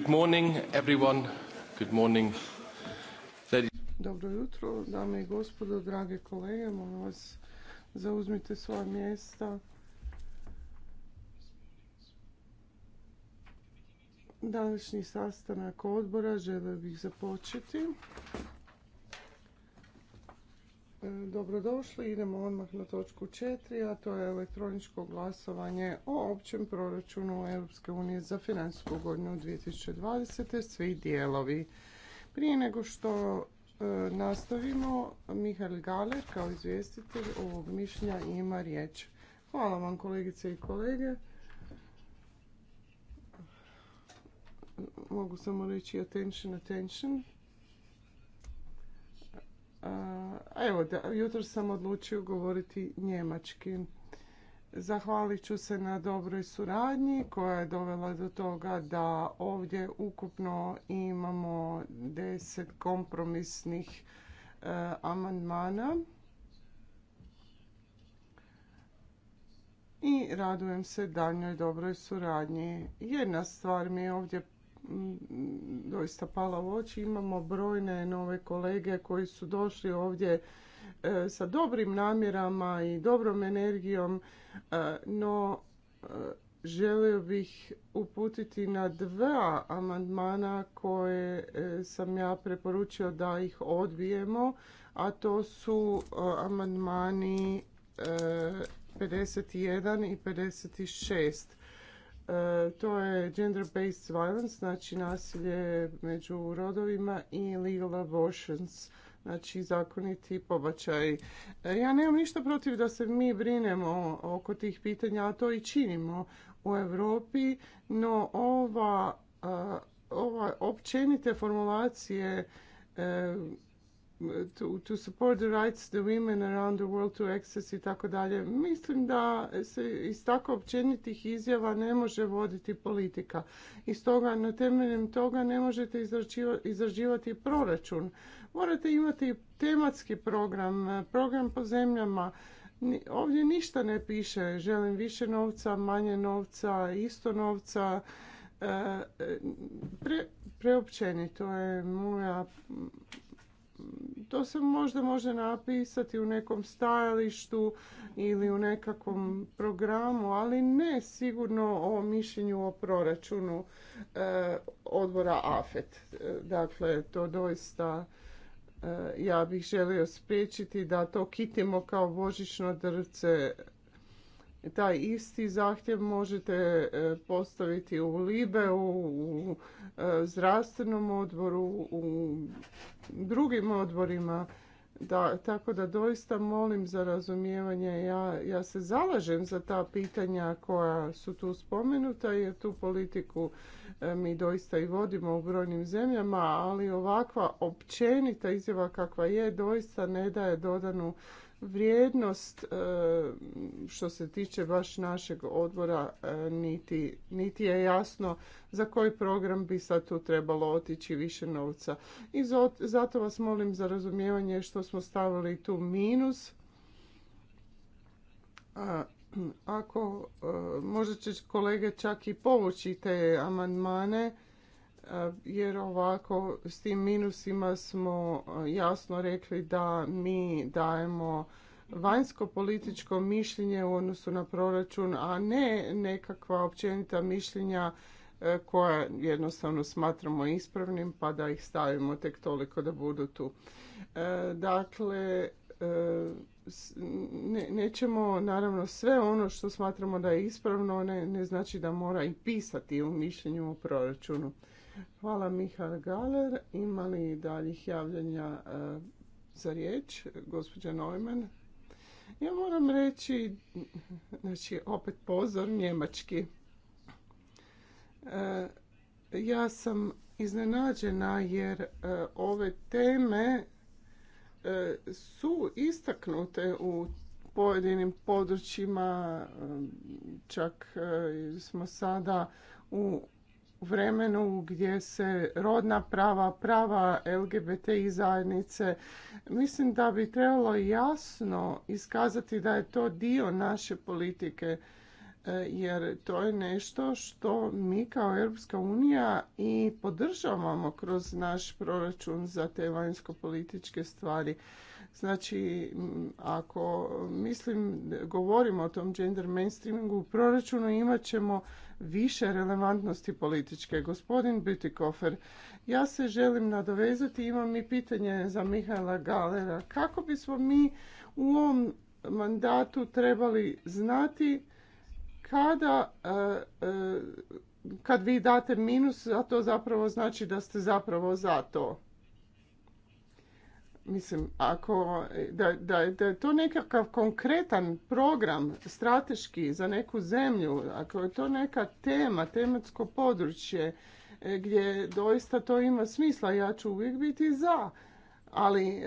Good Dobro jutro, dame i gospodo, drage kolege, molim vas zauzmite svoja mjesta. Današnji sastanak odbora želio bih započeti. E, dobrodošli, idemo odmah na točku četiri, a to je elektroničko glasovanje o općem proračunu Europske unije za financijsku godinu 2020. Svi dijelovi. Prije nego što e, nastavimo, Mihael Galer kao izvjestitelj ovog mišljenja ima riječ. Hvala vam kolegice i kolege. Mogu samo reći attention, attention a evo, jutro sam odlučio govoriti njemački. Zahvalit ću se na dobroj suradnji koja je dovela do toga da ovdje ukupno imamo deset kompromisnih e, amandmana. I radujem se daljnjoj dobroj suradnji. Jedna stvar mi je ovdje doista pala u oči. Imamo brojne nove kolege koji su došli ovdje e, sa dobrim namjerama i dobrom energijom, e, no e, želio bih uputiti na dva amandmana koje sam ja preporučio da ih odbijemo, a to su amandmani 51 i 56. E, to je gender-based violence, znači nasilje među rodovima i legal abortions, znači zakoniti pobačaj. E, ja nemam ništa protiv da se mi brinemo oko tih pitanja, a to i činimo u Europi, no ova, e, ova općenite formulacije to, to support the rights the women around the world to access i tako dalje. Mislim da se iz tako općenitih izjava ne može voditi politika. I stoga na temeljem toga ne možete izraživati proračun. Morate imati tematski program, program po zemljama. Ovdje ništa ne piše. Želim više novca, manje novca, isto novca. E, e, pre, preopćenito je moja to se možda može napisati u nekom stajalištu ili u nekakvom programu, ali ne sigurno o mišljenju o proračunu e, odbora AFET. E, dakle, to doista e, ja bih želio spriječiti da to kitimo kao božično drce taj isti zahtjev možete e, postaviti u LIBE, u e, zdravstvenom odboru, u drugim odborima. Da, tako da doista molim za razumijevanje. Ja, ja se zalažem za ta pitanja koja su tu spomenuta jer tu politiku e, mi doista i vodimo u brojnim zemljama, ali ovakva općenita izjava kakva je doista ne daje dodanu vrijednost e, što se tiče baš našeg odbora e, niti, niti je jasno za koji program bi sad tu trebalo otići više novca. I zato vas molim za razumijevanje što smo stavili tu minus. Ako e, možda će kolege čak i povući te amandmane jer ovako s tim minusima smo jasno rekli da mi dajemo vanjsko političko mišljenje u odnosu na proračun, a ne nekakva općenita mišljenja koja jednostavno smatramo ispravnim pa da ih stavimo tek toliko da budu tu. Dakle, nećemo naravno sve ono što smatramo da je ispravno ne, ne znači da mora i pisati u mišljenju o proračunu. Hvala Mihar Galer. Ima li daljih javljanja e, za riječ? Gospođa Neumann. Ja moram reći, znači opet pozor, njemački. E, ja sam iznenađena jer e, ove teme su istaknute u pojedinim područjima, čak smo sada u vremenu gdje se rodna prava, prava i zajednice, mislim da bi trebalo jasno iskazati da je to dio naše politike e, jer to je nešto što mi kao Europska unija i podržavamo kroz naš proračun za te vanjsko-političke stvari. Znači, ako mislim, govorimo o tom gender mainstreamingu, u proračunu imat ćemo više relevantnosti političke. Gospodin Bütikofer, ja se želim nadovezati, imam i pitanje za Mihajla Galera. Kako bismo mi u ovom mandatu trebali znati kada e, e, kad vi date minus, a to zapravo znači da ste zapravo za to. Mislim, ako, da, da, da je to nekakav konkretan program strateški za neku zemlju, ako je to neka tema, tematsko područje e, gdje doista to ima smisla, ja ću uvijek biti za. Ali e,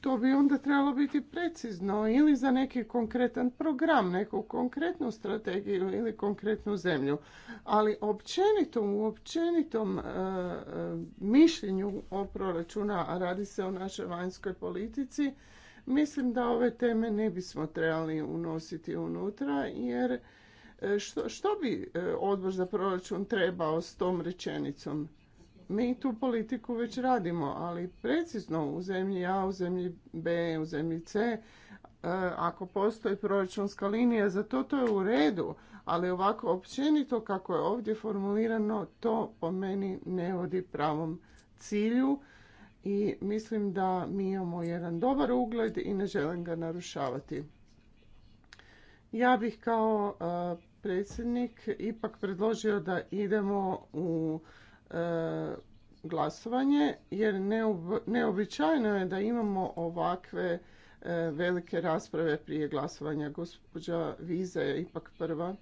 to bi onda trebalo biti precizno ili za neki konkretan program, neku konkretnu strategiju ili konkretnu zemlju. Ali općenito, u općenitom e, e, mišljenju o proračuna, a radi se o našoj vanjskoj politici, mislim da ove teme ne bismo trebali unositi unutra jer e, što, što bi odbor za proračun trebao s tom rečenicom? mi tu politiku već radimo, ali precizno u zemlji A, u zemlji B, u zemlji C, e, ako postoji proračunska linija za to, to je u redu, ali ovako općenito kako je ovdje formulirano, to po meni ne vodi pravom cilju i mislim da mi imamo jedan dobar ugled i ne želim ga narušavati. Ja bih kao e, predsjednik ipak predložio da idemo u E, glasovanje jer neobičajno je da imamo ovakve e, velike rasprave prije glasovanja. Gospođa Viza je ipak prva.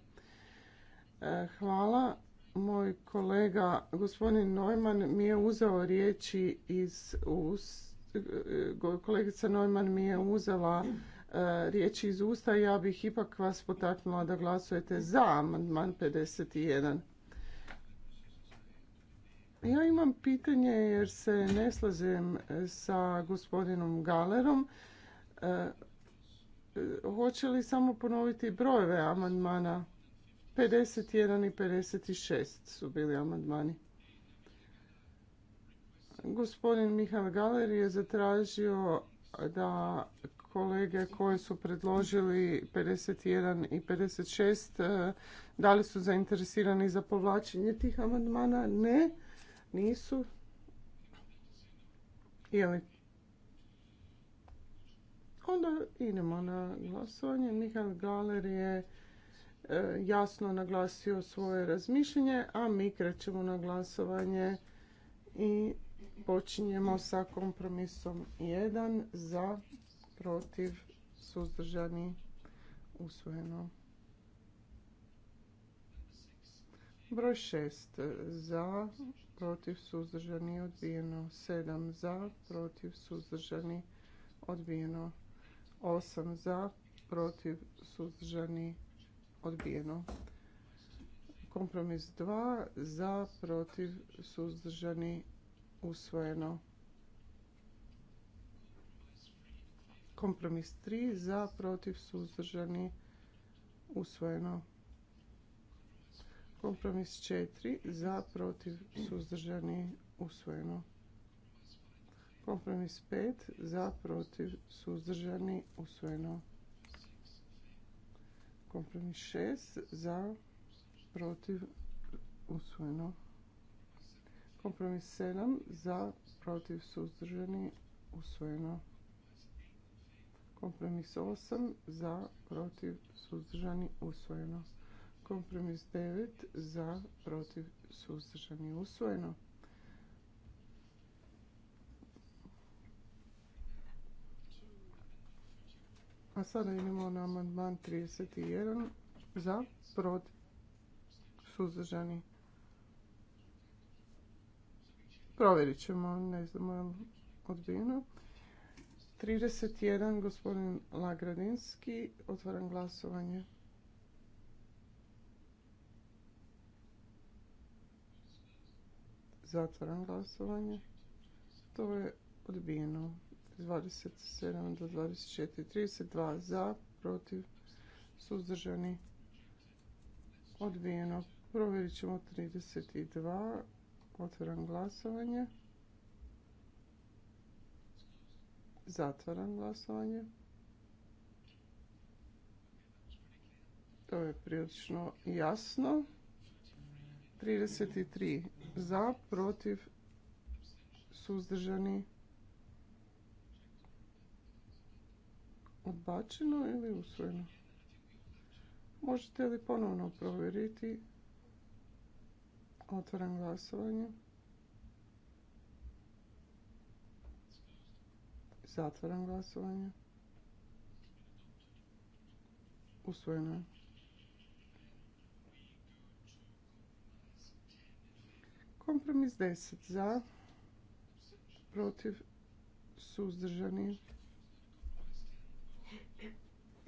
E, hvala. Moj kolega gospodin Neumann mi je uzeo riječi iz kolegica Neumann mi je uzela riječi iz usta ja bih ipak vas potaknula da glasujete za amandman 51. Ja imam pitanje jer se ne slažem e, sa gospodinom Galerom. E, e, hoće li samo ponoviti brojeve amandmana? 51 i 56 su bili amandmani. Gospodin Mihal Galer je zatražio da kolege koje su predložili 51 i 56 da li su zainteresirani za povlačenje tih amandmana? Ne. Nisu. Je ovaj. Onda idemo na glasovanje. Mihael Galer je e, jasno naglasio svoje razmišljenje, a mi krećemo na glasovanje i počinjemo sa kompromisom 1 za protiv suzdržani usvojeno. Broj 6 za protiv suzdržani odbijeno 7 za protiv suzdržani odbijeno 8 za protiv suzdržani odbijeno kompromis 2 za protiv suzdržani usvojeno kompromis 3 za protiv suzdržani usvojeno Kompromis 4 za, protiv, suzdržani, usvojeno. Kompromis 5 za, protiv, suzdržani, usvojeno. Kompromis 6 za, protiv, usvojeno. Kompromis 7 za, protiv, suzdržani, usvojeno. Kompromis 8 za, protiv, suzdržani, usvojeno. Kompromis 9 za, protiv, suzdržani, usvojeno. A sada idemo na amandman 31 za, protiv, suzdržani. Provjerit ćemo, ne znamo odbijeno. 31, gospodin Lagradinski, otvaram glasovanje. Zatvaram glasovanje. To je odbijeno. 27 do 24. 32 za, protiv, suzdržani. Odbijeno. Provjerit ćemo 32. Otvaram glasovanje. Zatvaram glasovanje. To je prilično jasno. 33 za, protiv, suzdržani, odbačeno ili usvojeno. Možete li ponovno provjeriti? Otvaram glasovanje. Zatvaram glasovanje. Usvojeno je. Kompromis 10 za, protiv, suzdržani.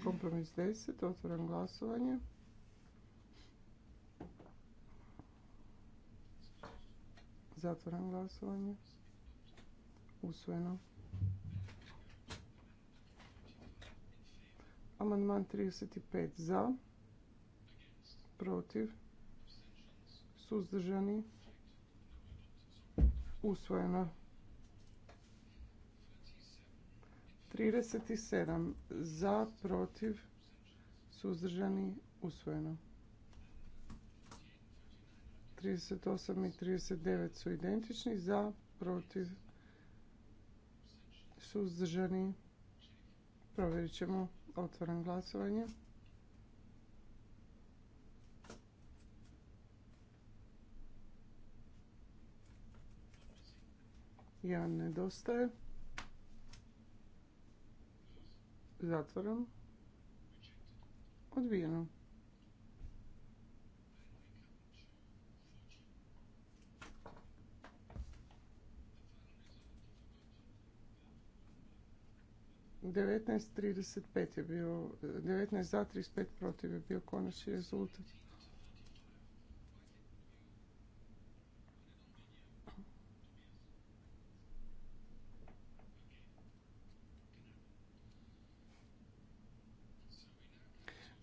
Kompromis 10, otvoram glasovanje. Zatvoram glasovanje. Usvojeno. Amandman 35 za, protiv, suzdržani usvojeno. 37 za, protiv, suzdržani, usvojeno. 38 i 39 su identični, za, protiv, suzdržani, provjerit ćemo, otvoran glasovanje. Ja nedostaje. Zatvaram. Odbijeno. devetnaest trideset pet je bio devetnaest za trideset pet protiv je bio konačni rezultat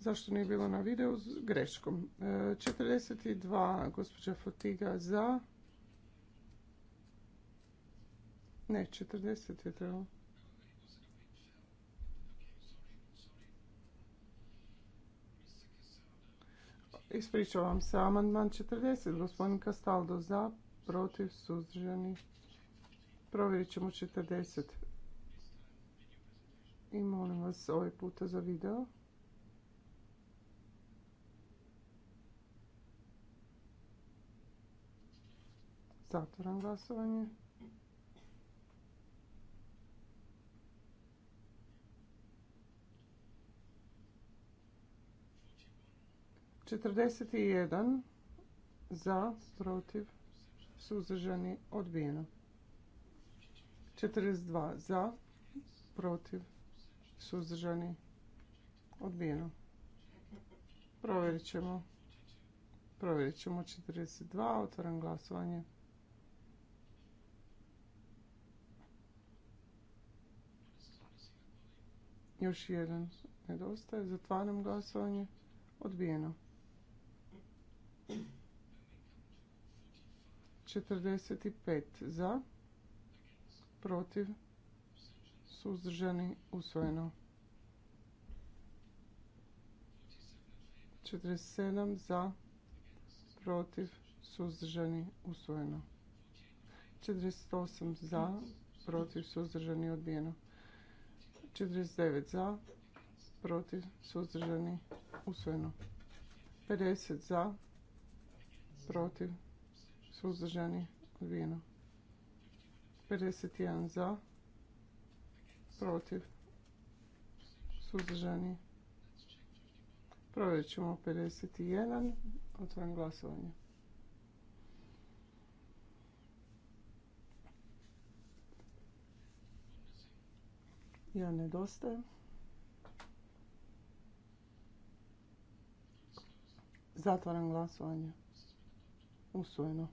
zašto nije bilo na videu s greškom. 42 e, gospođa Fotiga za. Ne, 40 je trebalo. Ispričavam se, amandman 40, gospodin Kastaldo za, protiv, suzdržani. Provjerit ćemo 40. I molim vas ovaj puta za video. Zatvoram glasovanje. Četrdeset jedan za, protiv, suzdržani, odbijeno. 42 za, protiv, suzdržani, odbijeno. Provjerit ćemo. Provjerit ćemo 42, otvoram glasovanje. Još jedan nedostaje. Zatvaram glasovanje. Odbijeno. 45 za, protiv, suzdržani, usvojeno. 47 za, protiv, suzdržani, usvojeno. 48 za, protiv, suzdržani, odbijeno. 49 za, protiv, suzdržani, usvojeno. 50 za, protiv, suzdržani, odbijeno. 51 za, protiv, suzdržani. Provjerit ćemo 51, otvorim glasovanje. Ja nedostaje. Zatvaram glasovanje. Usvojeno.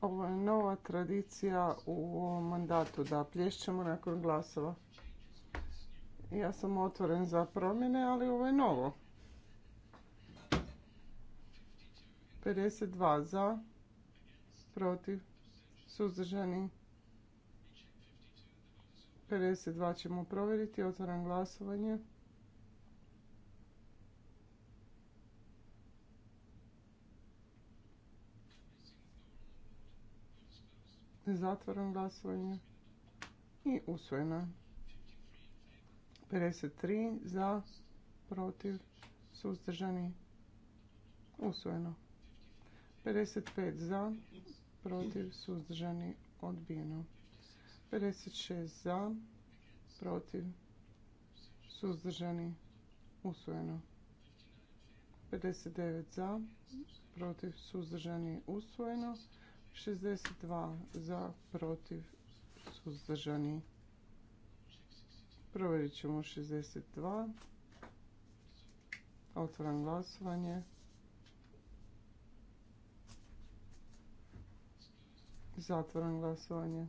Ovo je nova tradicija u ovom mandatu da plješćemo nakon glasova. Ja sam otvoren za promjene, ali ovo je novo. 52 za, protiv, suzdržani. 52 ćemo provjeriti, otvaram glasovanje. Zatvaram glasovanje i usvojeno. 53 za, protiv, suzdržani, usvojeno. 55 za, protiv, suzdržani, odbijeno. 56 za, protiv, suzdržani, usvojeno. 59 za, protiv, suzdržani, usvojeno. 62 za, protiv, suzdržani. Provjerit ćemo 62. Otvaram glasovanje. Zatvoran glasovanje.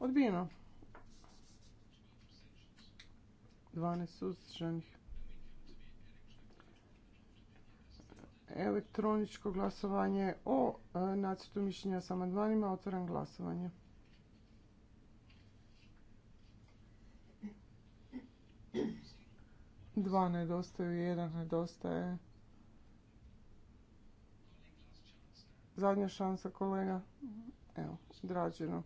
Odbijeno. 12 suzdržanih. Elektroničko glasovanje o e, nacrtu mišljenja sa amandmanima. Otvaram glasovanje. Dva nedostaju, jedan nedostaje. Zadnja šansa kolega. Evo, drađeno.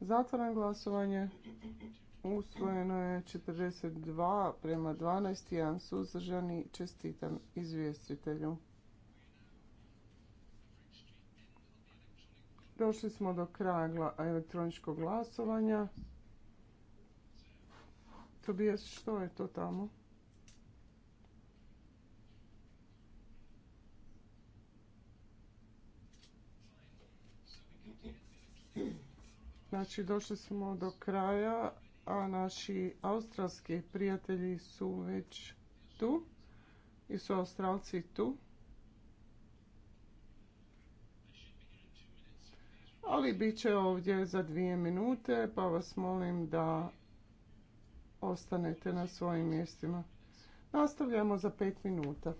Zatvoreno glasovanje. Usvojeno je 42 prema 12. Jedan suzdržani. Čestitam izvjestitelju. Došli smo do kraja elektroničkog glasovanja. Tobias, što je to tamo? Znači, došli smo do kraja, a naši australski prijatelji su već tu i su australci tu. Ali bit će ovdje za dvije minute, pa vas molim da ostanete na svojim mjestima. Nastavljamo za pet minuta.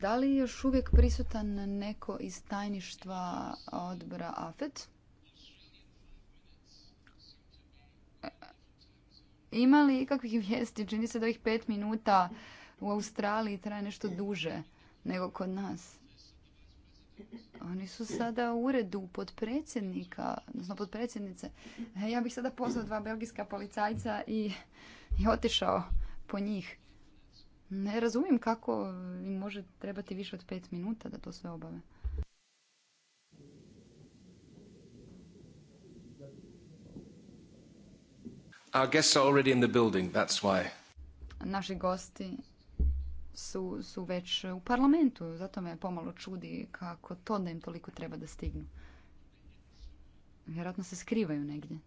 Da li je još uvijek prisutan neko iz tajništva odbora AFET? E, ima li ikakvih vijesti? Čini se da ovih pet minuta u Australiji traje nešto duže nego kod nas. Oni su sada u uredu potpredsjednika, odnosno podpredsjednice. E, ja bih sada pozvao dva belgijska policajca i, i otišao njih. Ne razumijem kako im može trebati više od pet minuta da to sve obave. Our already in the building, that's why. Naši gosti su, su već u parlamentu, zato me pomalo čudi kako to da im toliko treba da stignu. Vjerojatno se skrivaju negdje.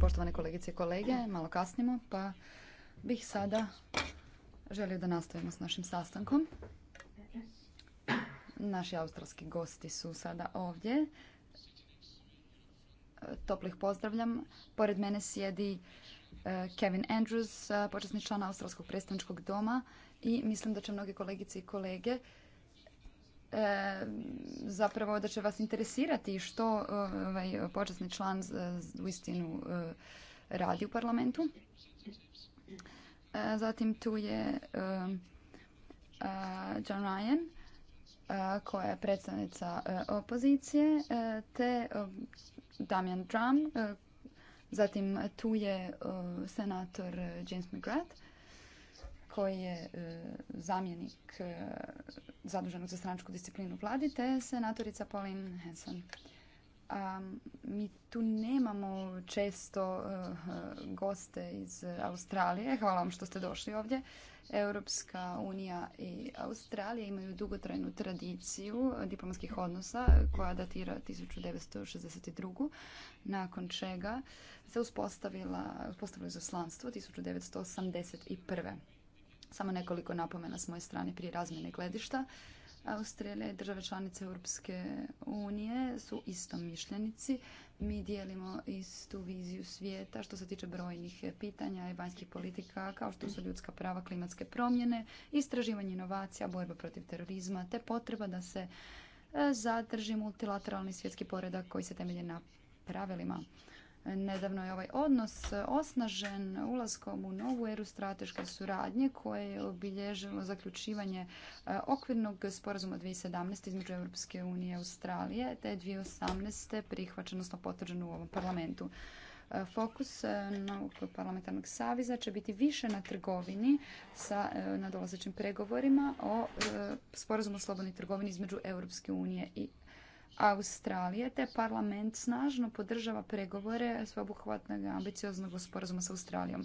Poštovane kolegice i kolege, malo kasnimo, pa bih sada želio da nastavimo s našim sastankom. Naši australski gosti su sada ovdje. Toplih pozdravljam. Pored mene sjedi e, Kevin Andrews, e, počasni član Australskog predstavničkog doma i mislim da će mnogi kolegice i kolege E, zapravo da će vas interesirati što e, ovaj počasni član u istinu e, radi u parlamentu. Zatim tu je John Ryan koja je predstavnica opozicije te Damian Drum zatim tu je senator James McGrath koji je e, zamjenik e, zaduženog za stranačku disciplinu vladi, te senatorica Pauline Hanson. mi tu nemamo često e, goste iz Australije. Hvala vam što ste došli ovdje. Europska unija i Australija imaju dugotrajnu tradiciju diplomatskih odnosa koja datira 1962. nakon čega se uspostavilo izaslanstvo 1981. Samo nekoliko napomena s moje strane prije razmjene gledišta. Australija i države članice Europske unije su isto mišljenici. Mi dijelimo istu viziju svijeta što se tiče brojnih pitanja i vanjskih politika kao što su ljudska prava, klimatske promjene, istraživanje inovacija, borba protiv terorizma te potreba da se e, zadrži multilateralni svjetski poredak koji se temelji na pravilima. Nedavno je ovaj odnos osnažen ulaskom u novu eru strateške suradnje koje je obilježilo zaključivanje e, okvirnog sporazuma 2017. između Europske unije i Australije te 2018. prihvaćen, odnosno potvrđen u ovom parlamentu. E, fokus e, novog parlamentarnog saveza će biti više na trgovini sa nadolazećim pregovorima o sporazumu o slobodnoj trgovini između Europske unije i Australije, te parlament snažno podržava pregovore sveobuhvatnog ambicioznog sporazuma s Australijom.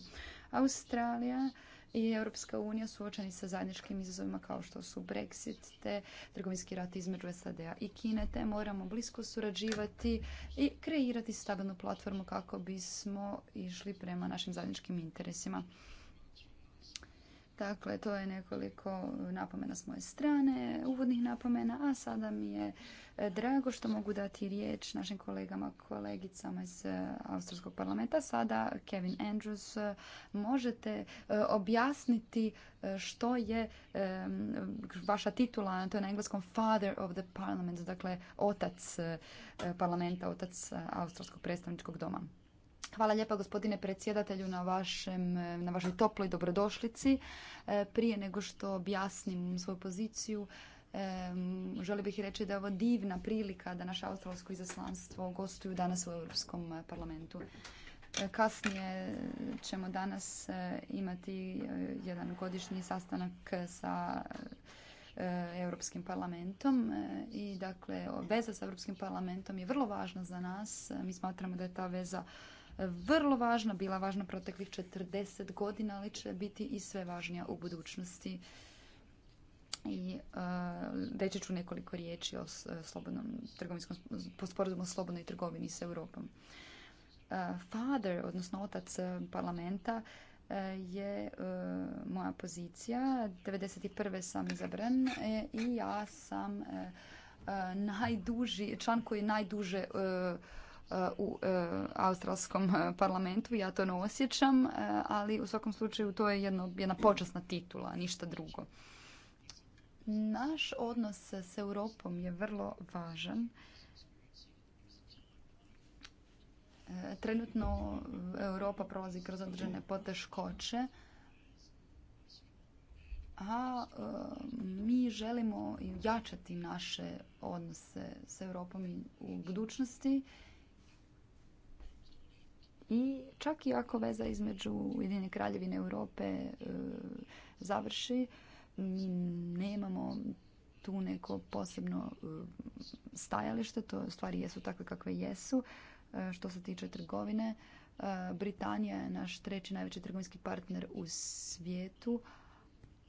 Australija i Europska unija suočeni sa zajedničkim izazovima kao što su Brexit, te trgovinski rat između SAD-a i Kine, te moramo blisko surađivati i kreirati stabilnu platformu kako bismo išli prema našim zajedničkim interesima. Dakle, to je nekoliko napomena s moje strane, uvodnih napomena, a sada mi je e, drago što mogu dati riječ našim kolegama, kolegicama iz e, Austrijskog parlamenta. Sada, Kevin Andrews, e, možete objasniti što je vaša titula, to je na engleskom Father of the Parliament, dakle, otac parlamenta, otac Austrijskog predstavničkog doma. Hvala lijepa gospodine predsjedatelju na, vašem, na vašoj toploj dobrodošlici. E, prije nego što objasnim svoju poziciju, e, želio bih reći da je ovo divna prilika da naše australsko izaslanstvo gostuju danas u Europskom parlamentu. E, kasnije ćemo danas imati jedan godišnji sastanak sa Europskim parlamentom i dakle veza sa Europskim parlamentom je vrlo važna za nas. Mi smatramo da je ta veza vrlo važna, bila važna proteklih 40 godina, ali će biti i sve važnija u budućnosti. I e, reći ću nekoliko riječi o slobodnom trgovinskom, sporazumu o slobodnoj trgovini s Europom. E, father, odnosno otac e, parlamenta, je moja pozicija. 1991. sam izabran i ja sam najduži, član koji najduže u e, australskom e, parlamentu, ja to ne osjećam, e, ali u svakom slučaju to je jedno, jedna počasna titula, ništa drugo. Naš odnos s Europom je vrlo važan. Trenutno Europa prolazi kroz određene poteškoće, a mi želimo jačati naše odnose s Europom u budućnosti i čak i ako veza između Ujedinjene kraljevine Europe e, završi, nemamo tu neko posebno e, stajalište, to stvari jesu takve kakve jesu. E, što se tiče trgovine, Britanija je naš treći najveći trgovinski partner u svijetu,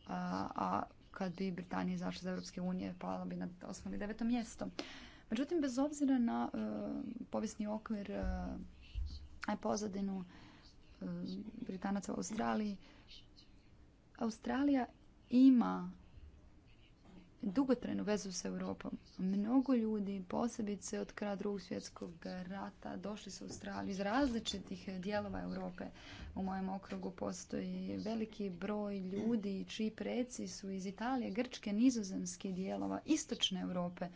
a, kad bi Britanija izašla za Europske unije, pala bi na 8. ili mjesto. Međutim, bez obzira na povijesni okvir pozadinu e, Britanaca u Australiji. Australija ima dugotrajnu vezu s Europom. Mnogo ljudi, posebice od kraja drugog svjetskog rata, došli su u Australiju iz različitih dijelova Europe. U mojem okrugu postoji veliki broj ljudi čiji preci su iz Italije, Grčke, nizozemskih dijelova, istočne Europe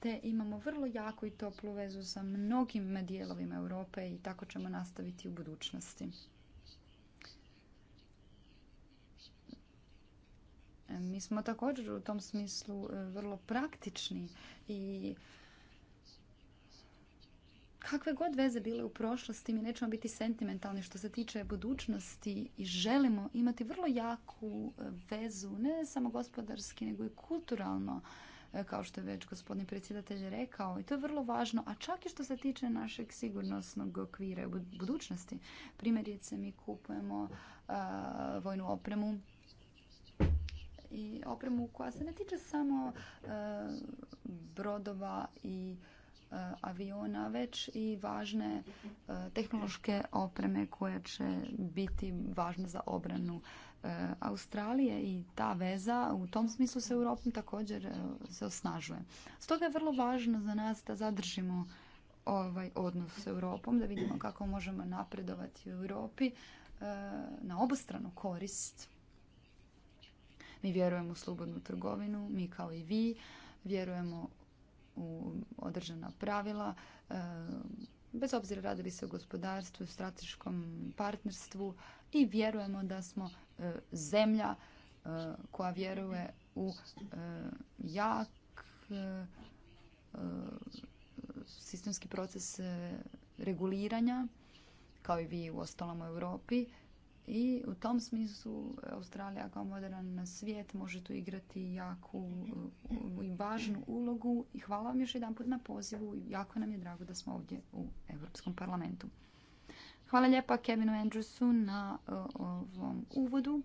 te imamo vrlo jaku i toplu vezu sa mnogim dijelovima Europe i tako ćemo nastaviti u budućnosti. E, mi smo također u tom smislu e, vrlo praktični i kakve god veze bile u prošlosti, mi nećemo biti sentimentalni što se tiče budućnosti i želimo imati vrlo jaku e, vezu, ne samo gospodarski, nego i kulturalno E, kao što je već gospodin predsjedatelj rekao i to je vrlo važno, a čak i što se tiče našeg sigurnosnog okvira u budućnosti. Primjerice mi kupujemo e, vojnu opremu i opremu koja se ne tiče samo e, brodova i aviona, već i važne tehnološke opreme koje će biti važne za obranu E, Australije i ta veza u tom smislu se Europom također e, se osnažuje. Stoga je vrlo važno za nas da zadržimo ovaj odnos s Europom, da vidimo kako možemo napredovati u Europi e, na obostranu korist. Mi vjerujemo u slobodnu trgovinu, mi kao i vi vjerujemo u održana pravila, bez obzira radili se o gospodarstvu, strateškom partnerstvu i vjerujemo da smo E, zemlja e, koja vjeruje u e, jak sistemski proces reguliranja kao i vi u ostalom u Europi i u tom smislu Australija kao modern svijet može tu igrati jaku i važnu ulogu i hvala vam još jedanput na pozivu jako nam je drago da smo ovdje u Europskom parlamentu. Hvala lijepa Kevinu Andrewsu na e, ovom uvodu.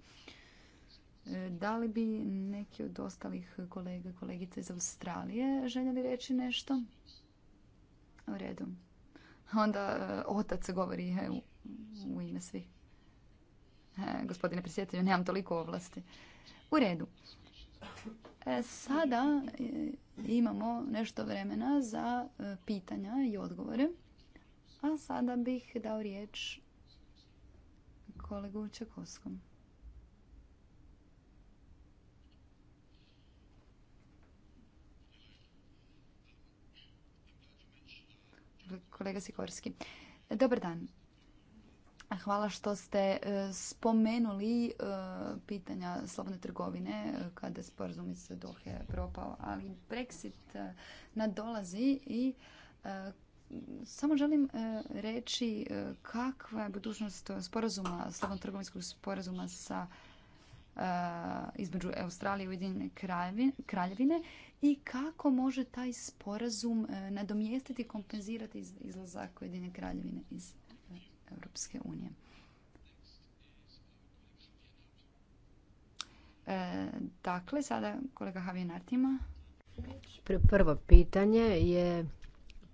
E, da li bi neki od ostalih kolega kolegica iz Australije željeli reći nešto? U redu. Onda e, otac govori u, ime svih. gospodine predsjedatelju, nemam toliko ovlasti. U redu. sada imamo nešto vremena za pitanja i odgovore. A sada bih dao riječ kolegu Čekovskom. Kolega Sikorski. Dobar dan. Hvala što ste e, spomenuli e, pitanja slobodne trgovine e, kada je sporazum iz Dohe propao, ali Brexit nadolazi i samo želim e, reći e, kakva je budućnost sporazuma, slobodno trgovinskog sporazuma sa e, između Australije i Ujedinjene kraljevine i kako može taj sporazum nadomjestiti i kompenzirati izlazak Ujedinjene kraljevine iz Europske unije. Dakle, sada kolega Havinartima. Prvo pitanje je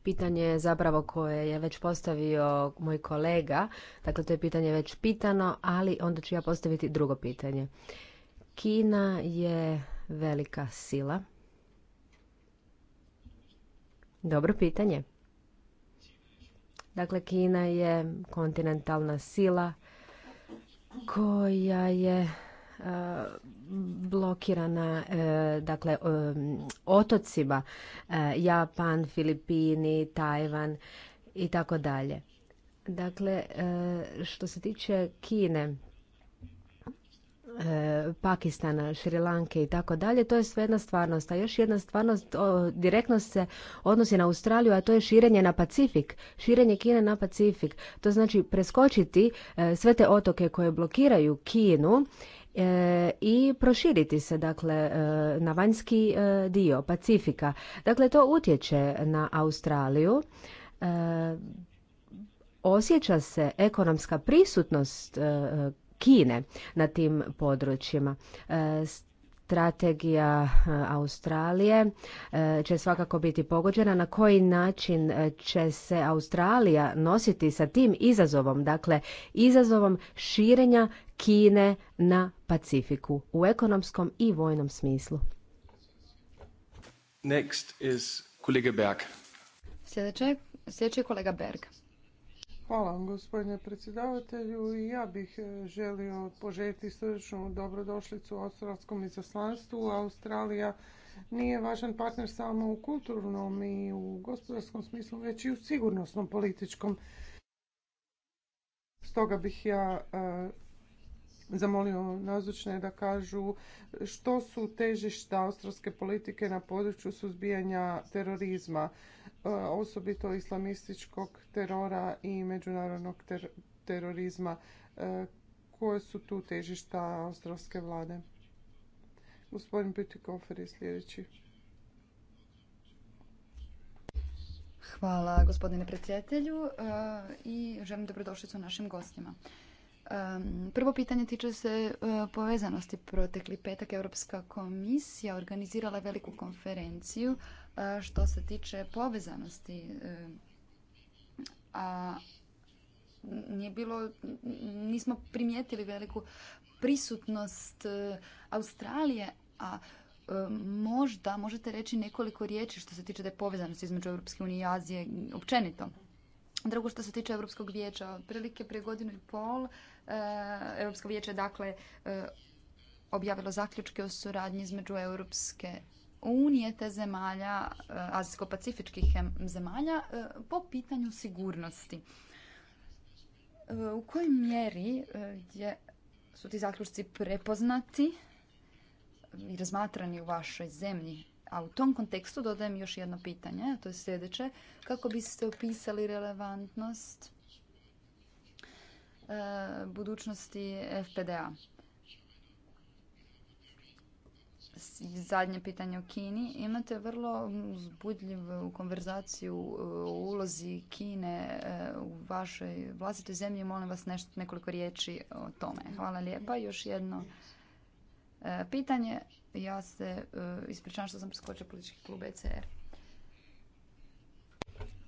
pitanje je zapravo koje je već postavio moj kolega, dakle to je pitanje već pitano, ali onda ću ja postaviti drugo pitanje. Kina je velika sila. Dobro pitanje. Dakle, Kina je kontinentalna sila koja je blokirana e, dakle e, otocima e, Japan, Filipini, Tajvan i tako dalje. Dakle, što se tiče Kine, Pakistana, Šrilanke i tako dalje, to je sve jedna stvarnost. A još jedna stvarnost direktno se odnosi na Australiju, a to je širenje na Pacifik, širenje Kine na Pacifik. To znači preskočiti sve te otoke koje blokiraju Kinu E, i proširiti se dakle e, na vanjski e, dio Pacifika. Dakle to utječe na Australiju. Osjeća se ekonomska prisutnost Kine na tim područjima strategija e, Australije e, će svakako biti pogođena. Na koji način e, će se Australija nositi sa tim izazovom, dakle izazovom širenja Kine na Pacifiku u ekonomskom i vojnom smislu? Next is Sljedeći je kolega Berg. Hvala vam gospodine predsjedavatelju i ja bih e, želio poželjeti srdečnu dobrodošlicu australskom izaslanstvu. Australija nije važan partner samo u kulturnom i u gospodarskom smislu, već i u sigurnosnom političkom. Stoga bih ja e, zamolio nazočne da kažu što su težišta australske politike na području suzbijanja terorizma, e, osobito islamističkog terora i međunarodnog terorizma. E, koje su tu težišta australske vlade? Gospodin Pitikofer je sljedeći. Hvala gospodine predsjedatelju e, i želim dobrodošlicu našim gostima. Prvo pitanje tiče se e, povezanosti. Protekli petak Europska komisija organizirala veliku konferenciju e, što se tiče povezanosti. E, a nije bilo, nismo primijetili veliku prisutnost Australije, a možda možete reći nekoliko riječi što se tiče je povezanosti između Europske unije i Azije općenito. Drugo što se tiče Europskog vijeća, otprilike prije godinu i pol E, Europsko vijeće dakle e, objavilo zaključke o suradnji između Europske unije te zemalja, e, azijsko-pacifičkih zemalja po pitanju sigurnosti. U kojoj mjeri je, su ti zaključci prepoznati i razmatrani u vašoj zemlji? A u tom kontekstu dodajem još jedno pitanje, a to je sljedeće. Kako biste opisali relevantnost Eh, budućnosti FPDA. Zadnje pitanje o Kini. Imate vrlo zbudljivu konverzaciju o eh, ulozi Kine eh, u vašoj vlastitoj zemlji. Molim vas nešto, nekoliko riječi o tome. Hvala lijepa. Još jedno pitanje. Ja se ispričavam što sam preskočila politički klub ECR.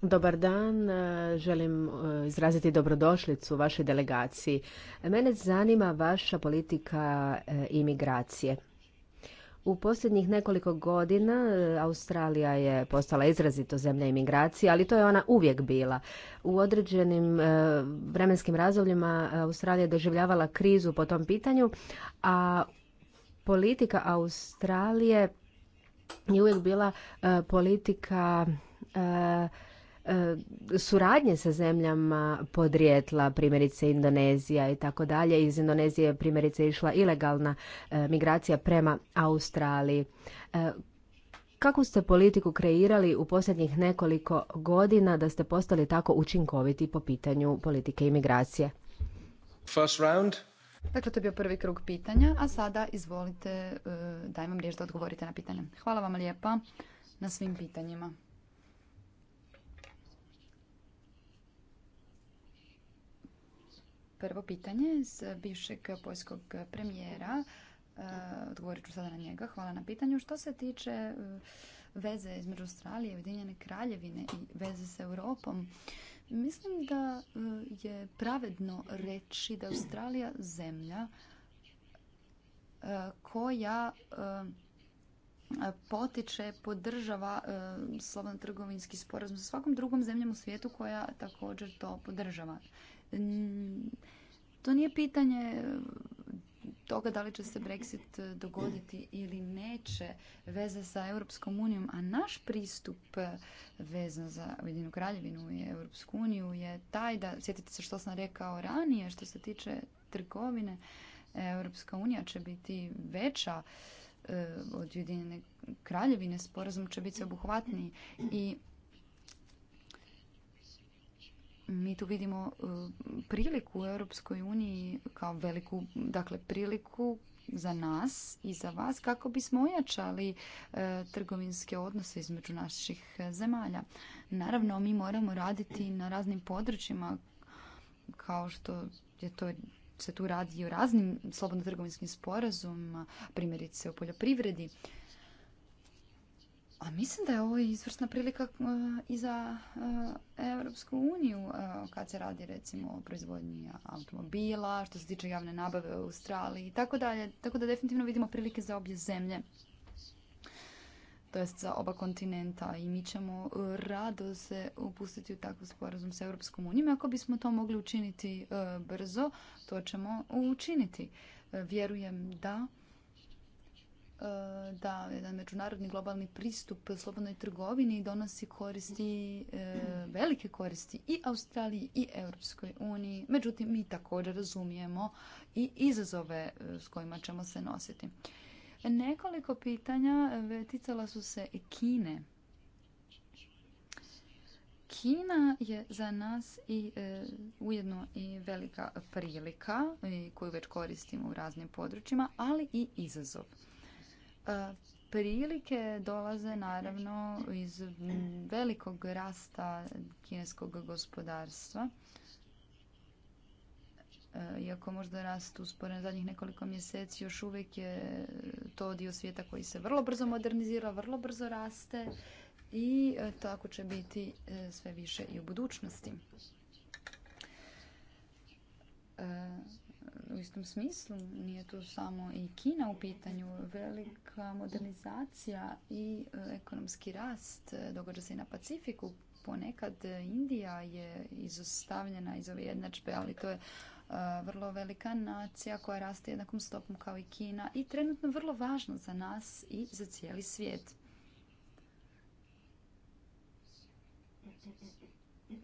Dobar dan, e, želim e, izraziti dobrodošlicu vašoj delegaciji. Mene zanima vaša politika e, imigracije. U posljednjih nekoliko godina Australija je postala izrazito zemlja imigracije, ali to je ona uvijek bila. U određenim vremenskim razdobljima Australija je doživljavala krizu po tom pitanju, a politika Australije je uvijek bila politika E, suradnje sa zemljama podrijetla, primjerice Indonezija i tako dalje. Iz Indonezije je primjerice išla ilegalna e, migracija prema Australiji. E, kako ste politiku kreirali u posljednjih nekoliko godina da ste postali tako učinkoviti po pitanju politike imigracije? First Dakle, to je bio prvi krug pitanja, a sada izvolite, dajem vam riječ da odgovorite na pitanje. Hvala vam lijepa na svim pitanjima. Prvo pitanje s bivšeg poljskog premijera. E, odgovorit ću sada na njega. Hvala na pitanju. Što se tiče e, veze između Australije i Ujedinjene kraljevine i veze s Europom, mislim da e, je pravedno reći da Australija zemlja koja potiče, podržava slovan trgovinski sporazum sa svakom drugom zemljom u svijetu koja također to podržava. Mm, to nije pitanje toga da li će se Brexit dogoditi ili neće veze sa Europskom unijom, a naš pristup vezan za Ujedinu kraljevinu i Europsku uniju je taj da, sjetite se što sam rekao ranije, što se tiče trgovine, Europska unija će biti veća e, od Ujedinjene kraljevine, sporazum će biti obuhvatniji i mi tu vidimo e, priliku u Europskoj uniji kao veliku dakle priliku za nas i za vas kako bismo ojačali e, trgovinske odnose između naših zemalja. Naravno, mi moramo raditi na raznim područjima kao što je to se tu radi o raznim slobodno trgovinskim sporazumima, primjerice o poljoprivredi. A mislim da je ovo izvrsna prilika e, i za e, Europsku uniju e, kad se radi recimo o proizvodnji automobila, što se tiče javne nabave u Australiji i tako dalje. Tako da definitivno vidimo prilike za obje zemlje to jest za oba kontinenta i mi ćemo rado se upustiti u takav sporazum s Europskom unijom. Ako bismo to mogli učiniti brzo, to ćemo učiniti. Vjerujem da E, da jedan međunarodni globalni pristup slobodnoj trgovini donosi koristi, e, velike koristi i Australiji i Europskoj uniji. Međutim, mi također razumijemo i izazove e, s kojima ćemo se nositi. Nekoliko pitanja ticala su se Kine. Kina je za nas i ujedno i velika prilika koju već koristimo u raznim područjima, ali i izazov. E, prilike dolaze naravno iz velikog rasta kineskog gospodarstva. E, iako možda rast usporen zadnjih nekoliko mjeseci, još uvijek je to dio svijeta koji se vrlo brzo modernizira, vrlo brzo raste i e, tako će biti sve više i u budućnosti u istom smislu. Nije tu samo i Kina u pitanju. Velika modernizacija i e, ekonomski rast e, događa se i na Pacifiku. Ponekad Indija je izostavljena iz ove jednačbe, ali to je e, vrlo velika nacija koja raste jednakom stopom kao i Kina i trenutno vrlo važno za nas i za cijeli svijet.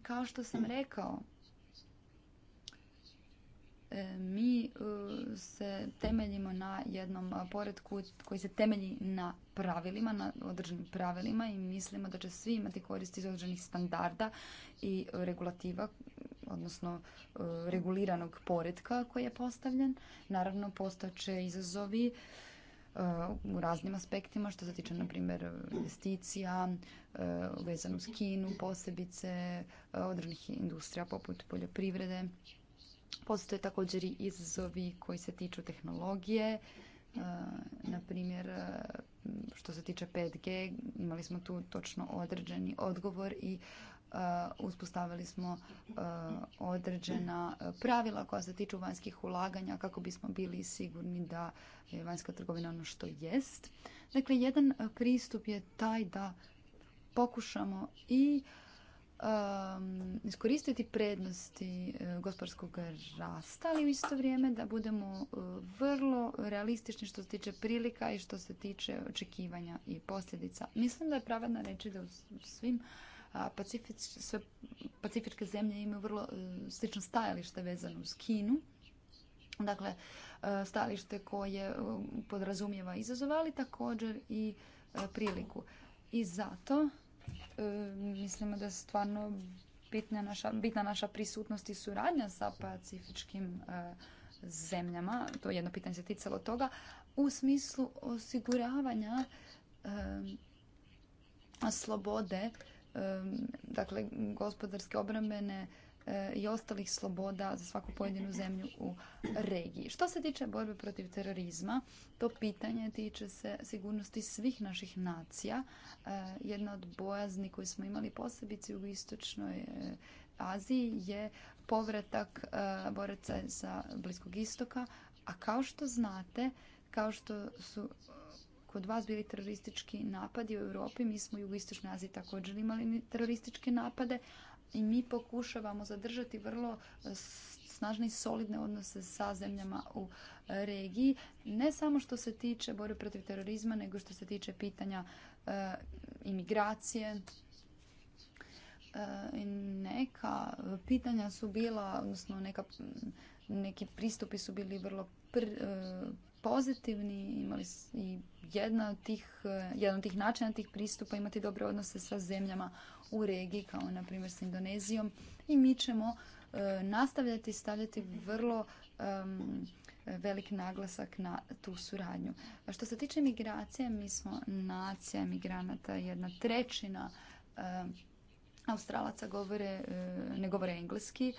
Kao što sam rekao, mi se temeljimo na jednom poredku koji se temelji na pravilima, na određenim pravilima i mislimo da će svi imati koristi iz određenih standarda i regulativa, odnosno e, reguliranog poredka koji je postavljen. Naravno, će izazovi e, u raznim aspektima što se tiče na primjer investicija e, vezano uz Kinu posebice određenih industrija poput poljoprivrede Postoje također i izazovi koji se tiču tehnologije, e, na primjer e, što se tiče 5G, imali smo tu točno određeni odgovor i e, uspostavili smo određena pravila koja se tiču vanjskih ulaganja kako bismo bili sigurni da je vanjska trgovina ono što jest. Dakle, jedan pristup je taj da pokušamo i Um, iskoristiti prednosti e, gospodarskog rasta, ali u isto vrijeme da budemo e, vrlo realistični što se tiče prilika i što se tiče očekivanja i posljedica. Mislim da je pravedno reći da u svim pacifičke zemlje imaju vrlo e, slično stajalište vezano uz Kinu. Dakle, stajalište koje podrazumijeva izazov, ali također i priliku. I zato E, mislimo da je stvarno bitna naša, bitna naša prisutnost i suradnja sa pacifičkim e, zemljama, to jedno pitanje se ticalo toga, u smislu osiguravanja e, slobode, dakle gospodarske obrambene i ostalih sloboda za svaku pojedinu zemlju u regiji. Što se tiče borbe protiv terorizma, to pitanje tiče se sigurnosti svih naših nacija. E, jedna od bojazni koju smo imali posebice u istočnoj e, Aziji je povratak e, boraca sa Bliskog istoka, a kao što znate, kao što su kod vas bili teroristički napadi u Europi, mi smo u Istočnoj Aziji također imali terorističke napade, i mi pokušavamo zadržati vrlo e, snažne i solidne odnose sa zemljama u e, regiji, ne samo što se tiče borbe protiv terorizma, nego što se tiče pitanja e, imigracije. neka pitanja su bila, odnosno neki pristupi su bili vrlo pozitivni, imali i jedna od tih, e, jedan od tih načina tih pristupa imati dobre odnose sa zemljama u regiji kao na primjer s Indonezijom i mi ćemo e, nastavljati stavljati vrlo um, velik naglasak na tu suradnju. što se tiče migracije, mi smo nacija migranata, jedna trećina Australaca govore, e, ne govore engleski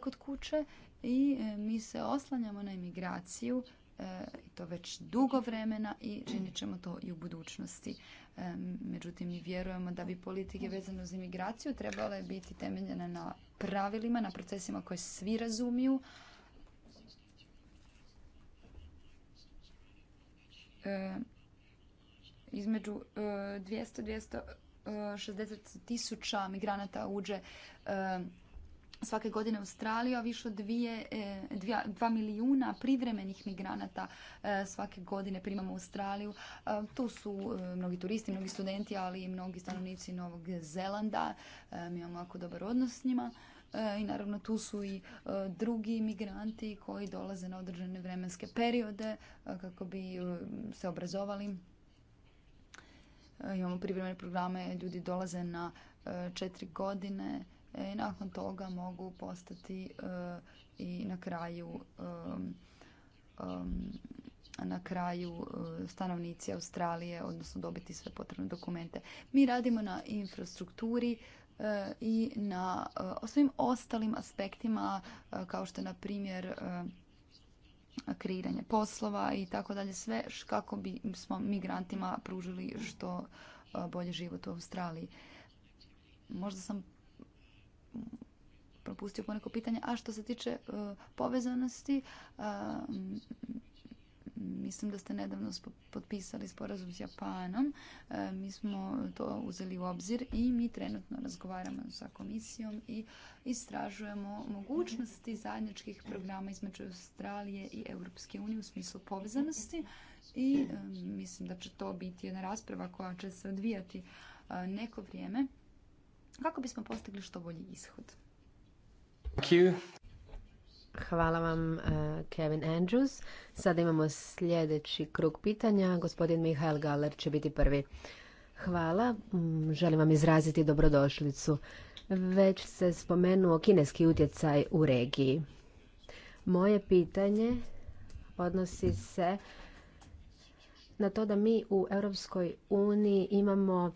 kod kuće i mi se oslanjamo na imigraciju E, to već dugo vremena i činit ćemo to i u budućnosti. E, međutim, mi vjerujemo da bi politike vezane uz imigraciju trebale biti temeljene na pravilima, na procesima koje svi razumiju, e, između 200-260 tisuća migranata uđe Svake godine Australija više od e, dva milijuna privremenih migranata e, svake godine primamo u Australiju. E, tu su mnogi turisti, mnogi studenti, ali i mnogi stanovnici Novog Zelanda. Mi imamo jako dobar odnos s njima. I naravno tu su i drugi migranti koji dolaze na određene vremenske periode kako bi se obrazovali. Imamo privremene programe, ljudi dolaze na četiri godine e nakon toga mogu postati e, i na kraju e, e, na kraju stanovnici Australije, odnosno dobiti sve potrebne dokumente. Mi radimo na infrastrukturi i na svim ostalim aspektima kao što je na primjer kreiranje poslova i tako dalje sve kako bi smo migrantima pružili što bolje život u Australiji. Možda sam propustio poneko pitanje. A što se tiče e, povezanosti, e, mislim da ste nedavno potpisali sporazum s Japanom. E, mi smo to uzeli u obzir i mi trenutno razgovaramo sa komisijom i istražujemo mogućnosti zajedničkih programa između Australije i Europske unije u smislu povezanosti i mislim da će to biti jedna rasprava koja će se odvijati neko vrijeme kako bismo postigli što bolji ishod. Hvala vam, eh, Kevin Andrews. Sada imamo sljedeći krug pitanja. Gospodin Mihael Galler će biti prvi. Hvala. Mm, želim vam izraziti dobrodošlicu. Već se spomenuo kineski utjecaj u regiji. Moje pitanje odnosi se na to da mi u Europskoj uniji imamo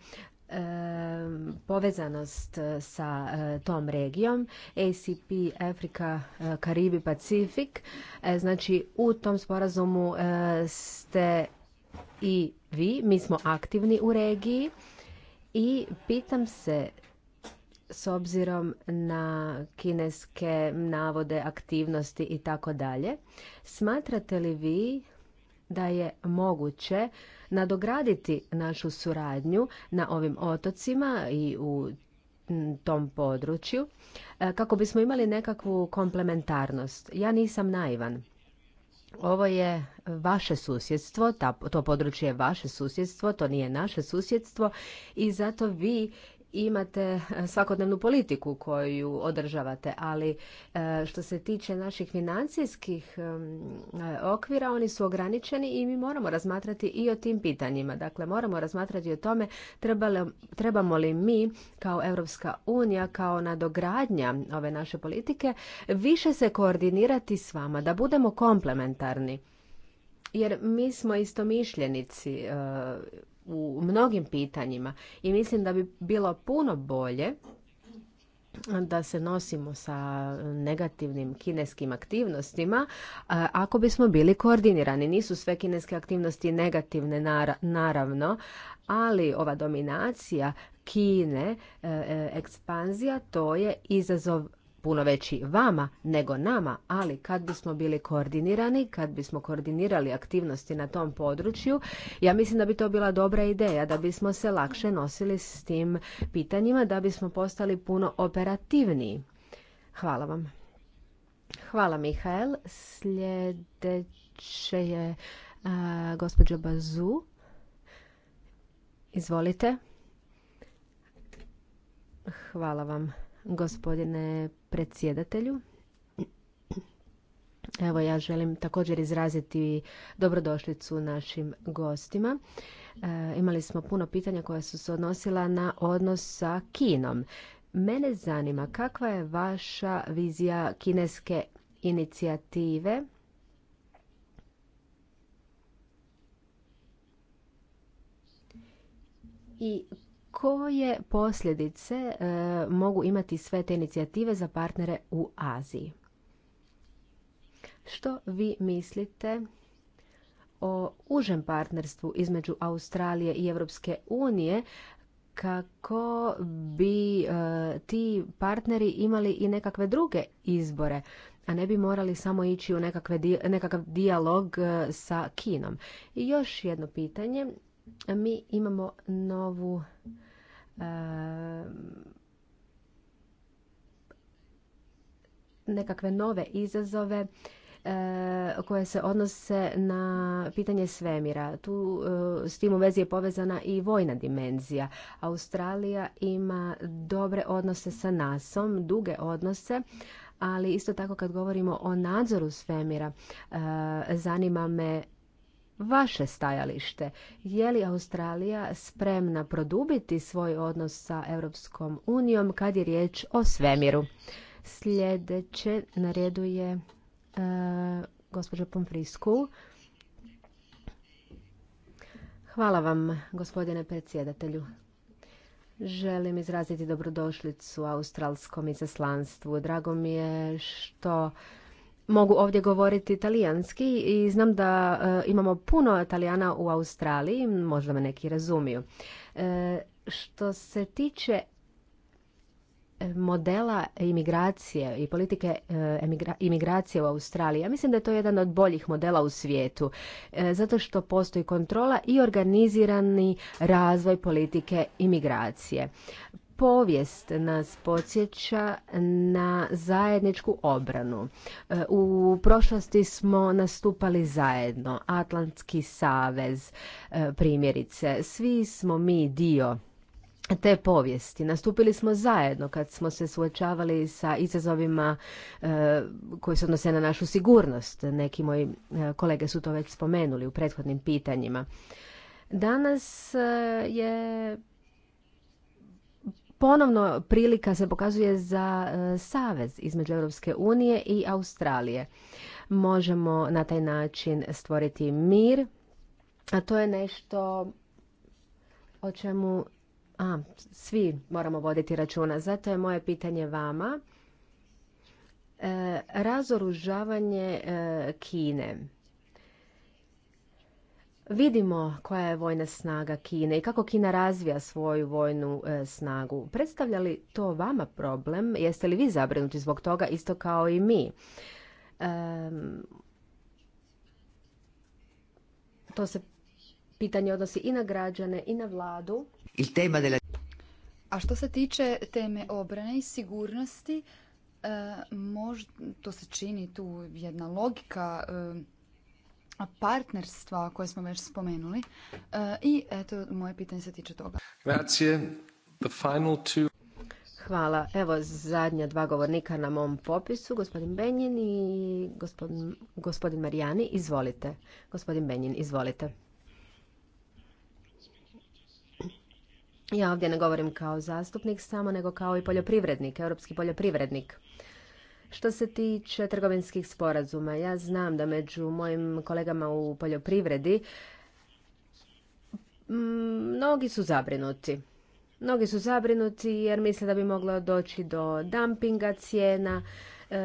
povezanost e, sa e, tom regijom, ACP, Afrika, e, Karibi, Pacifik. Znači u tom sporazumu ste i vi, mi smo aktivni u regiji i pitam se s obzirom na kineske navode, aktivnosti i tako dalje, smatrate li vi da je moguće nadograditi našu suradnju na ovim otocima i u tom području e, kako bismo imali nekakvu komplementarnost. Ja nisam naivan. Ovo je vaše susjedstvo, to područje je vaše susjedstvo, to nije naše susjedstvo i zato vi imate e, svakodnevnu politiku koju održavate, ali e, što se tiče naših financijskih e, okvira, oni su ograničeni i mi moramo razmatrati i o tim pitanjima. Dakle, moramo razmatrati o tome trebamo li mi kao Europska unija, kao nadogradnja ove naše politike, više se koordinirati s vama, da budemo komplementarni. Jer mi smo istomišljenici u mnogim pitanjima i mislim da bi bilo puno bolje da se nosimo sa negativnim kineskim aktivnostima ako bismo bili koordinirani. Nisu sve kineske aktivnosti negativne naravno, ali ova dominacija Kine, e, e, ekspanzija, to je izazov puno veći vama nego nama, ali kad bismo bili koordinirani, kad bismo koordinirali aktivnosti na tom području, ja mislim da bi to bila dobra ideja, da bismo se lakše nosili s tim pitanjima, da bismo postali puno operativniji. Hvala vam. Hvala Mihael. Sljedeće je gospođa Bazu. Izvolite. Hvala vam gospodine predsjedatelju. Evo ja želim također izraziti dobrodošlicu našim gostima. E, imali smo puno pitanja koja su se odnosila na odnos sa Kinom. Mene zanima kakva je vaša vizija kineske inicijative i koje posljedice e, mogu imati sve te inicijative za partnere u Aziji. Što vi mislite o užem partnerstvu između Australije i Europske unije kako bi e, ti partneri imali i nekakve druge izbore, a ne bi morali samo ići u nekakav dijalog e, sa Kinom. I još jedno pitanje, mi imamo novu e, nekakve nove izazove e, koje se odnose na pitanje svemira. Tu e, s tim u vezi je povezana i vojna dimenzija. Australija ima dobre odnose sa NASom, duge odnose, ali isto tako kad govorimo o nadzoru svemira, zanima me vaše stajalište. Je li Australija spremna produbiti svoj odnos sa Europskom unijom kad je riječ o svemiru? Sljedeće na redu je e, gospođa Pomfrisku. Hvala vam, gospodine predsjedatelju. Želim izraziti dobrodošlicu australskom izaslanstvu. Drago mi je što mogu ovdje govoriti talijanski i znam da e, imamo puno Talijana u Australiji, možda me neki razumiju. E, što se tiče e, modela imigracije i politike imigracije u Australiji. Ja mislim da je to jedan od boljih modela u svijetu, zato što postoji kontrola i organizirani razvoj politike imigracije povijest nas podsjeća na zajedničku obranu. E, u prošlosti smo nastupali zajedno, Atlantski savez e, primjerice. Svi smo mi dio te povijesti. Nastupili smo zajedno kad smo se suočavali sa izazovima e, koji se odnose na našu sigurnost. Neki moji kolege su to već spomenuli u prethodnim pitanjima. Danas je ponovno prilika se pokazuje za e, savez između Europske unije i Australije. Možemo na taj način stvoriti mir, a to je nešto o čemu a, svi moramo voditi računa. Zato je moje pitanje vama. E, razoružavanje e, Kine. Vidimo koja je vojna snaga Kine i kako Kina razvija svoju vojnu e, snagu. Predstavlja li to vama problem? Jeste li vi zabrinuti zbog toga isto kao i mi? to se pitanje odnosi i na građane i na vladu. A što se tiče teme obrane i sigurnosti, e, to se čini tu jedna logika e, partnerstva koje smo već spomenuli. E, I eto, moje pitanje se tiče toga. Hvala. Evo zadnja dva govornika na mom popisu, gospodin Benjin i gospodin, gospodin Marijani. Izvolite. Gospodin Benjin, izvolite. Ja ovdje ne govorim kao zastupnik samo, nego kao i poljoprivrednik, europski poljoprivrednik. Što se tiče trgovinskih sporazuma, ja znam da među mojim kolegama u poljoprivredi mm, mnogi su zabrinuti. Mnogi su zabrinuti jer misle da bi moglo doći do dumpinga cijena. E,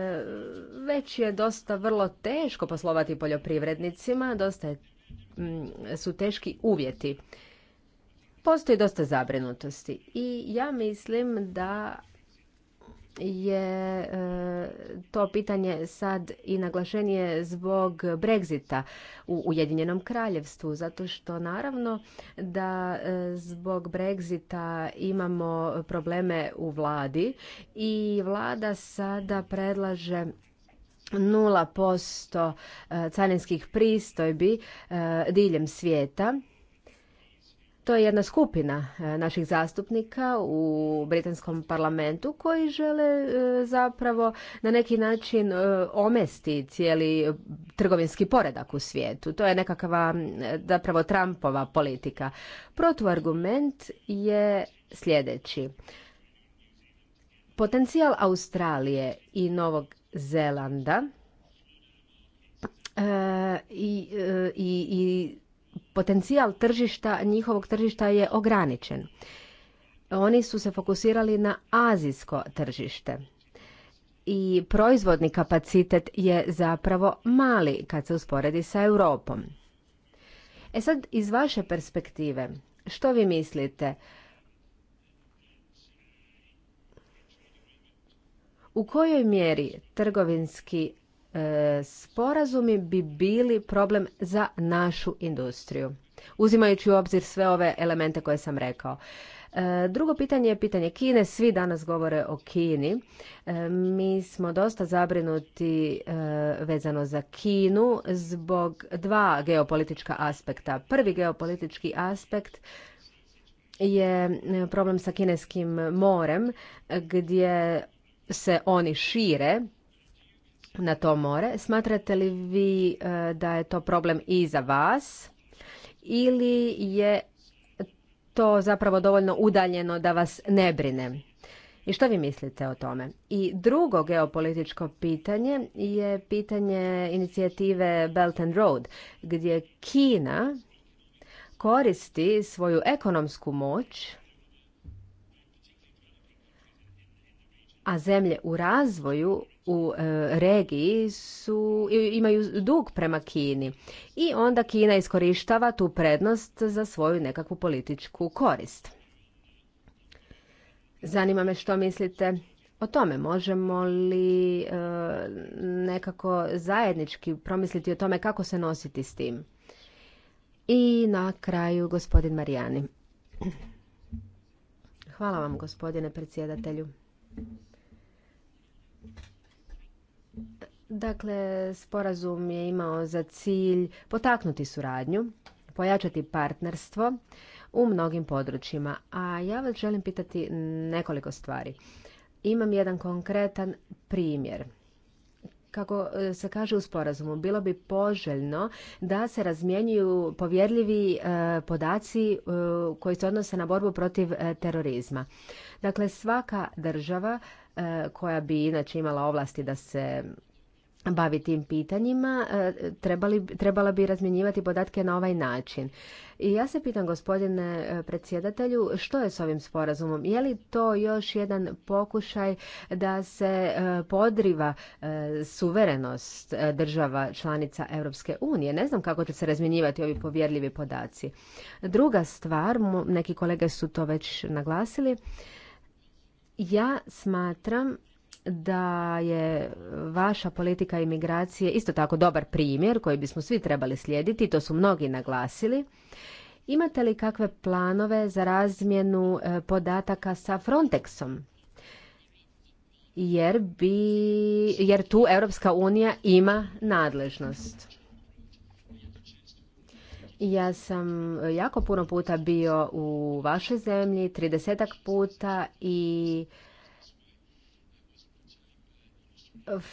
već je dosta vrlo teško poslovati poljoprivrednicima, dosta mm, su teški uvjeti. Postoji dosta zabrinutosti i ja mislim da je e, to pitanje sad i naglašenije zbog Brexita u Ujedinjenom kraljevstvu, zato što naravno da e, zbog Brexita imamo probleme u vladi i vlada sada predlaže 0% e, carinskih pristojbi diljem svijeta to je jedna skupina e, naših zastupnika u britanskom parlamentu koji žele e, zapravo na neki način e, omesti cijeli trgovinski poredak u svijetu. To je nekakva zapravo Trumpova politika. Protuargument je sljedeći. Potencijal Australije i Novog Zelanda i, i, i potencijal tržišta, njihovog tržišta je ograničen. Oni su se fokusirali na azijsko tržište i proizvodni kapacitet je zapravo mali kad se usporedi sa Europom. E sad, iz vaše perspektive, što vi mislite? U kojoj mjeri trgovinski E, sporazumi bi bili problem za našu industriju, uzimajući u obzir sve ove elemente koje sam rekao. E, drugo pitanje je pitanje Kine. Svi danas govore o Kini. E, mi smo dosta zabrinuti vezano za Kinu zbog dva geopolitička aspekta. Prvi geopolitički aspekt je problem sa kineskim morem gdje se oni šire na to more. Smatrate li vi e, da je to problem i za vas ili je to zapravo dovoljno udaljeno da vas ne brine? I što vi mislite o tome? I drugo geopolitičko pitanje je pitanje inicijative Belt and Road, gdje Kina koristi svoju ekonomsku moć, a zemlje u razvoju u e, regiji su, imaju dug prema Kini. I onda Kina iskorištava tu prednost za svoju nekakvu političku korist. Zanima me što mislite o tome. Možemo li e, nekako zajednički promisliti o tome kako se nositi s tim? I na kraju gospodin Marijani. Hvala vam gospodine predsjedatelju. Dakle, sporazum je imao za cilj potaknuti suradnju, pojačati partnerstvo u mnogim područjima. A ja vas želim pitati nekoliko stvari. Imam jedan konkretan primjer. Kako e, se kaže u sporazumu, bilo bi poželjno da se razmjenjuju povjerljivi e, podaci e, koji se odnose na borbu protiv terorizma. Dakle, svaka država koja bi inače imala ovlasti da se bavi tim pitanjima, e, trebali, trebala bi razmjenjivati podatke na ovaj način. I ja se pitam, gospodine e, predsjedatelju, što je s ovim sporazumom? Je li to još jedan pokušaj da se e, podriva suverenost država članica Europske unije? Ne znam kako će se razmjenjivati ovi povjerljivi podaci. Druga stvar, neki kolege su to već naglasili, ja smatram da je vaša politika imigracije isto tako dobar primjer koji bismo svi trebali slijediti, to su mnogi naglasili. Imate li kakve planove za razmjenu e, podataka sa Frontexom? Jer, bi, jer tu Europska unija ima nadležnost. Ja sam jako puno puta bio u vašoj zemlji, tridesetak puta i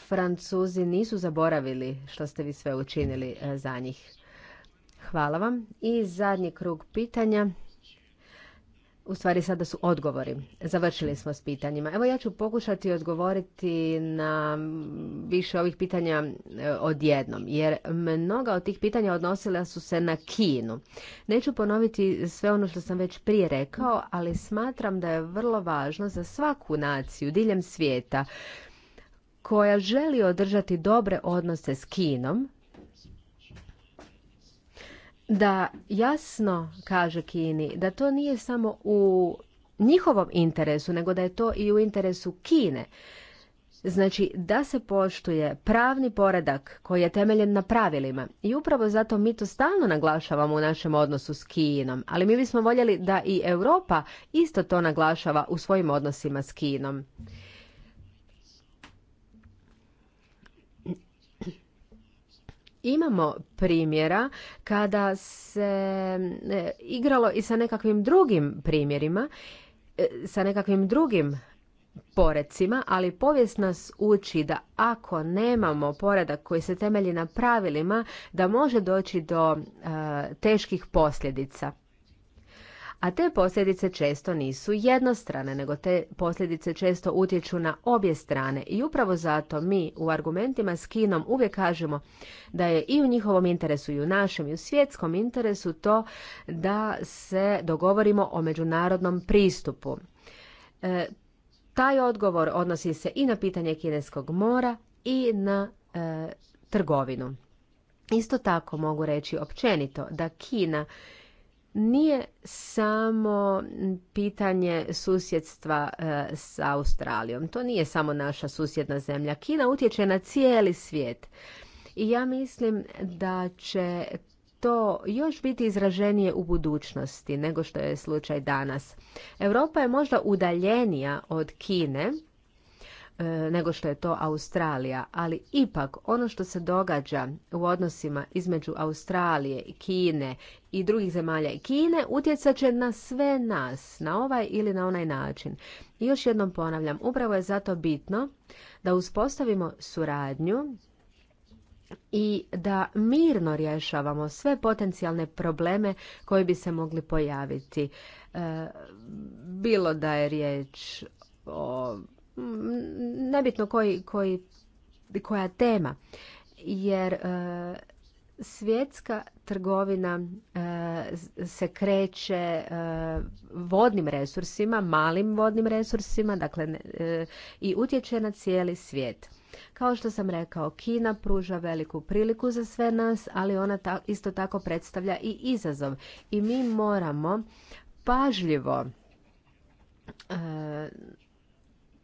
Francuzi nisu zaboravili što ste vi sve učinili e, za njih. Hvala vam. I zadnji krug pitanja. U stvari sada su odgovori. Završili smo s pitanjima. Evo ja ću pokušati odgovoriti na više ovih pitanja e, odjednom, jer mnoga od tih pitanja odnosila su se na Kinu. Neću ponoviti sve ono što sam već prije rekao, ali smatram da je vrlo važno za svaku naciju diljem svijeta koja želi održati dobre odnose s Kinom, da jasno kaže Kini da to nije samo u njihovom interesu, nego da je to i u interesu Kine. Znači da se poštuje pravni poredak koji je temeljen na pravilima i upravo zato mi to stalno naglašavamo u našem odnosu s Kinom, ali mi bismo voljeli da i Europa isto to naglašava u svojim odnosima s Kinom. imamo primjera kada se e, igralo i sa nekakvim drugim primjerima, e, sa nekakvim drugim porecima, ali povijest nas uči da ako nemamo poredak koji se temelji na pravilima, da može doći do e, teških posljedica a te posljedice često nisu jednostrane, nego te posljedice često utječu na obje strane i upravo zato mi u argumentima s Kinom uvijek kažemo da je i u njihovom interesu i u našem i u svjetskom interesu to da se dogovorimo o međunarodnom pristupu. E, taj odgovor odnosi se i na pitanje kineskog mora i na e, trgovinu. Isto tako mogu reći općenito da Kina nije samo pitanje susjedstva e, s Australijom. To nije samo naša susjedna zemlja. Kina utječe na cijeli svijet. I ja mislim da će to još biti izraženije u budućnosti nego što je slučaj danas. Europa je možda udaljenija od Kine, E, nego što je to Australija, ali ipak ono što se događa u odnosima između Australije i Kine i drugih zemalja i Kine utjecat će na sve nas, na ovaj ili na onaj način. I još jednom ponavljam, upravo je zato bitno da uspostavimo suradnju i da mirno rješavamo sve potencijalne probleme koji bi se mogli pojaviti. E, bilo da je riječ o nebitno koji, koji, koja tema, jer e, svjetska trgovina e, se kreće e, vodnim resursima, malim vodnim resursima, dakle i utječe na cijeli svijet. Kao što sam rekao, Kina pruža veliku priliku za sve nas, ali ona isto tako predstavlja i izazov i mi moramo pažljivo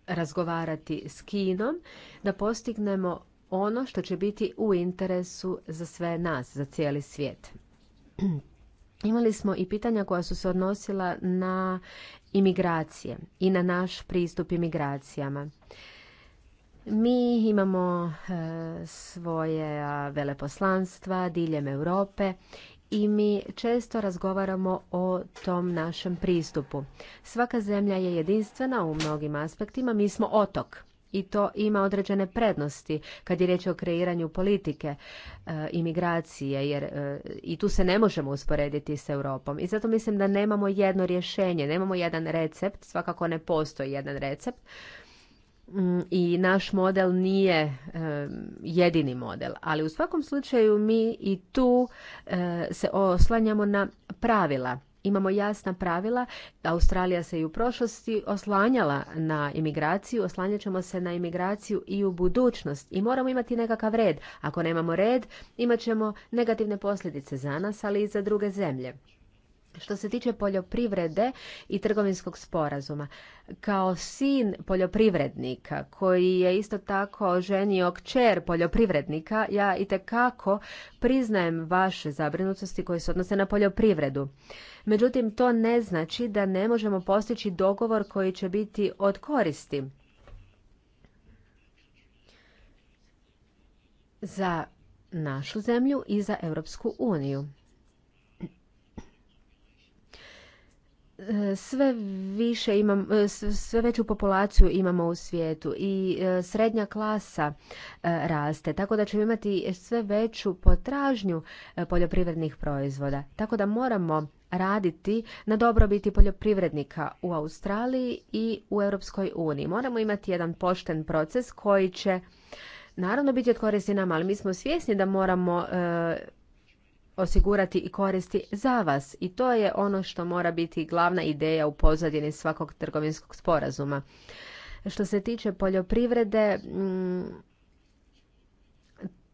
razgovarati s Kinom da postignemo ono što će biti u interesu za sve nas, za cijeli svijet. Imali smo i pitanja koja su se odnosila na imigracije i na naš pristup imigracijama. Mi imamo e, svoje veleposlanstva diljem Europe i mi često razgovaramo o tom našem pristupu. Svaka zemlja je jedinstvena u mnogim aspektima, mi smo otok i to ima određene prednosti kad je riječ o kreiranju politike e, imigracije jer e, i tu se ne možemo usporediti s Europom i zato mislim da nemamo jedno rješenje, nemamo jedan recept, svakako ne postoji jedan recept Mm, i naš model nije e, jedini model, ali u svakom slučaju mi i tu e, se oslanjamo na pravila. Imamo jasna pravila, Australija se i u prošlosti oslanjala na imigraciju, oslanjat ćemo se na imigraciju i u budućnost i moramo imati nekakav red. Ako nemamo red, imat ćemo negativne posljedice za nas, ali i za druge zemlje. Što se tiče poljoprivrede i trgovinskog sporazuma, kao sin poljoprivrednika koji je isto tako ženio kćer poljoprivrednika, ja i itekako priznajem vaše zabrinutosti koje se odnose na poljoprivredu. Međutim, to ne znači da ne možemo postići dogovor koji će biti od koristi. Za našu zemlju i za Europsku uniju. sve više e, sve veću populaciju imamo u svijetu i e, srednja klasa e, raste, tako da ćemo imati sve veću potražnju poljoprivrednih proizvoda. Tako da moramo raditi na dobrobiti poljoprivrednika u Australiji i u Europskoj uniji. Moramo imati jedan pošten proces koji će naravno biti od koristi nama, ali mi smo svjesni da moramo osigurati i koristi za vas i to je ono što mora biti glavna ideja u pozadini svakog trgovinskog sporazuma. Što se tiče poljoprivrede, mm,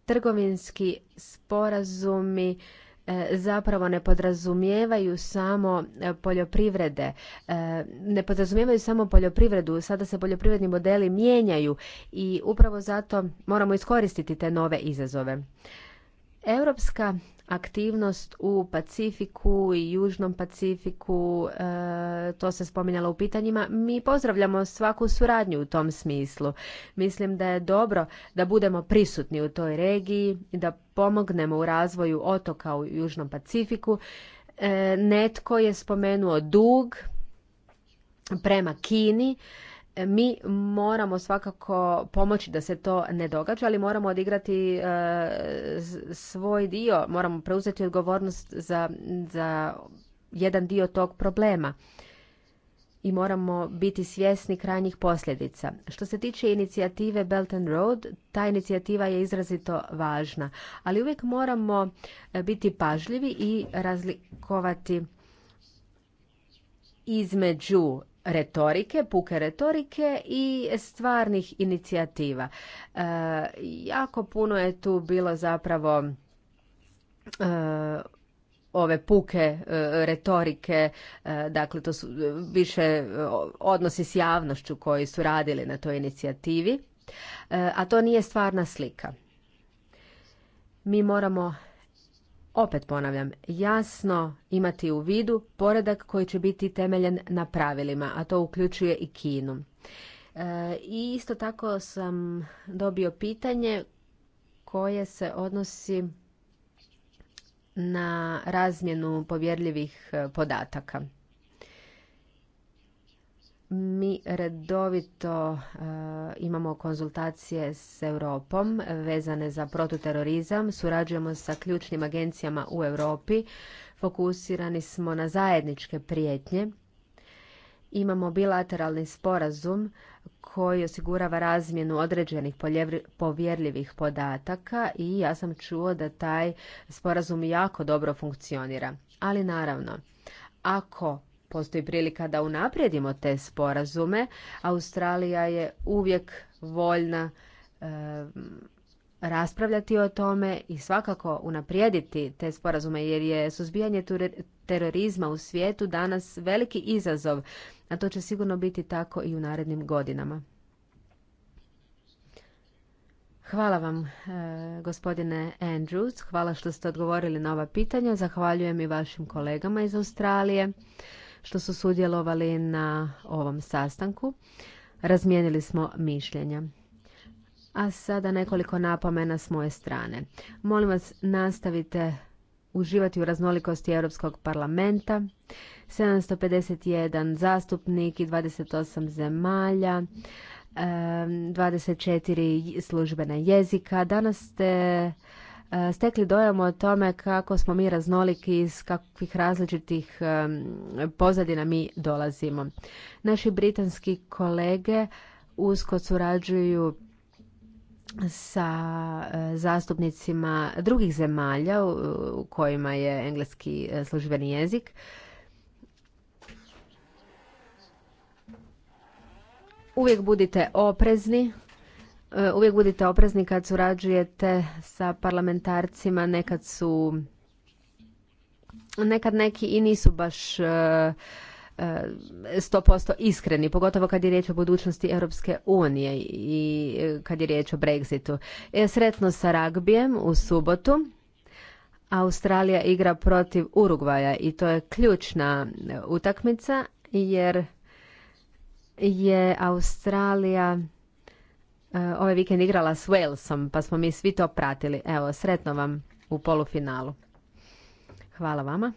trgovinski sporazumi e, zapravo ne podrazumijevaju samo e, poljoprivrede. E, ne podrazumijevaju samo poljoprivredu. Sada se poljoprivredni modeli mijenjaju i upravo zato moramo iskoristiti te nove izazove. Europska aktivnost u Pacifiku i Južnom Pacifiku, e, to se spominjalo u pitanjima, mi pozdravljamo svaku suradnju u tom smislu. Mislim da je dobro da budemo prisutni u toj regiji, da pomognemo u razvoju otoka u Južnom Pacifiku. E, netko je spomenuo dug prema Kini mi moramo svakako pomoći da se to ne događa, ali moramo odigrati e, svoj dio, moramo preuzeti odgovornost za, za jedan dio tog problema i moramo biti svjesni krajnjih posljedica. Što se tiče inicijative Belt and Road, ta inicijativa je izrazito važna, ali uvijek moramo e, biti pažljivi i razlikovati između retorike, puke retorike i stvarnih inicijativa. E, jako puno je tu bilo zapravo e, ove puke e, retorike, dakle to su više odnosi s javnošću koji su radili na toj inicijativi, a to nije stvarna slika. Mi moramo opet ponavljam, jasno imati u vidu poredak koji će biti temeljen na pravilima, a to uključuje i Kinu. E, I isto tako sam dobio pitanje koje se odnosi na razmjenu povjerljivih e, podataka mi redovito e, imamo konzultacije s Europom vezane za prototerorizam. surađujemo sa ključnim agencijama u Europi, fokusirani smo na zajedničke prijetnje. Imamo bilateralni sporazum koji osigurava razmjenu određenih povjerljivih podataka i ja sam čuo da taj sporazum jako dobro funkcionira. Ali naravno, ako postoji prilika da unaprijedimo te sporazume. Australija je uvijek voljna raspravljati o tome i svakako unaprijediti te sporazume jer je suzbijanje terorizma u svijetu danas veliki izazov, a to će sigurno biti tako i u narednim godinama. Hvala vam, eh, gospodine Andrews. Hvala što ste odgovorili na ova pitanja. Zahvaljujem i vašim kolegama iz Australije što su sudjelovali na ovom sastanku. Razmijenili smo mišljenja. A sada nekoliko napomena s moje strane. Molim vas, nastavite uživati u raznolikosti Europskog parlamenta. 751 zastupnik i 28 zemalja. 24 ehm, službena jezika. Danas ste E, stekli dojam o tome kako smo mi raznoliki iz kakvih različitih e, pozadina mi dolazimo. Naši britanski kolege usko surađuju sa e, zastupnicima drugih zemalja u kojima je engleski službeni jezik. Uvijek budite oprezni E, uvijek budite oprezni kad surađujete sa parlamentarcima, nekad su nekad neki i nisu baš 100% e, e, iskreni, pogotovo kad je riječ o budućnosti Europske unije i kad je riječ o Brexitu. Sretno sa ragbijem u subotu. Australija igra protiv Urugvaja i to je ključna utakmica jer je Australija E, ovaj vikend igrala s Walesom, pa smo mi svi to pratili. Evo, sretno vam u polufinalu. Hvala vama.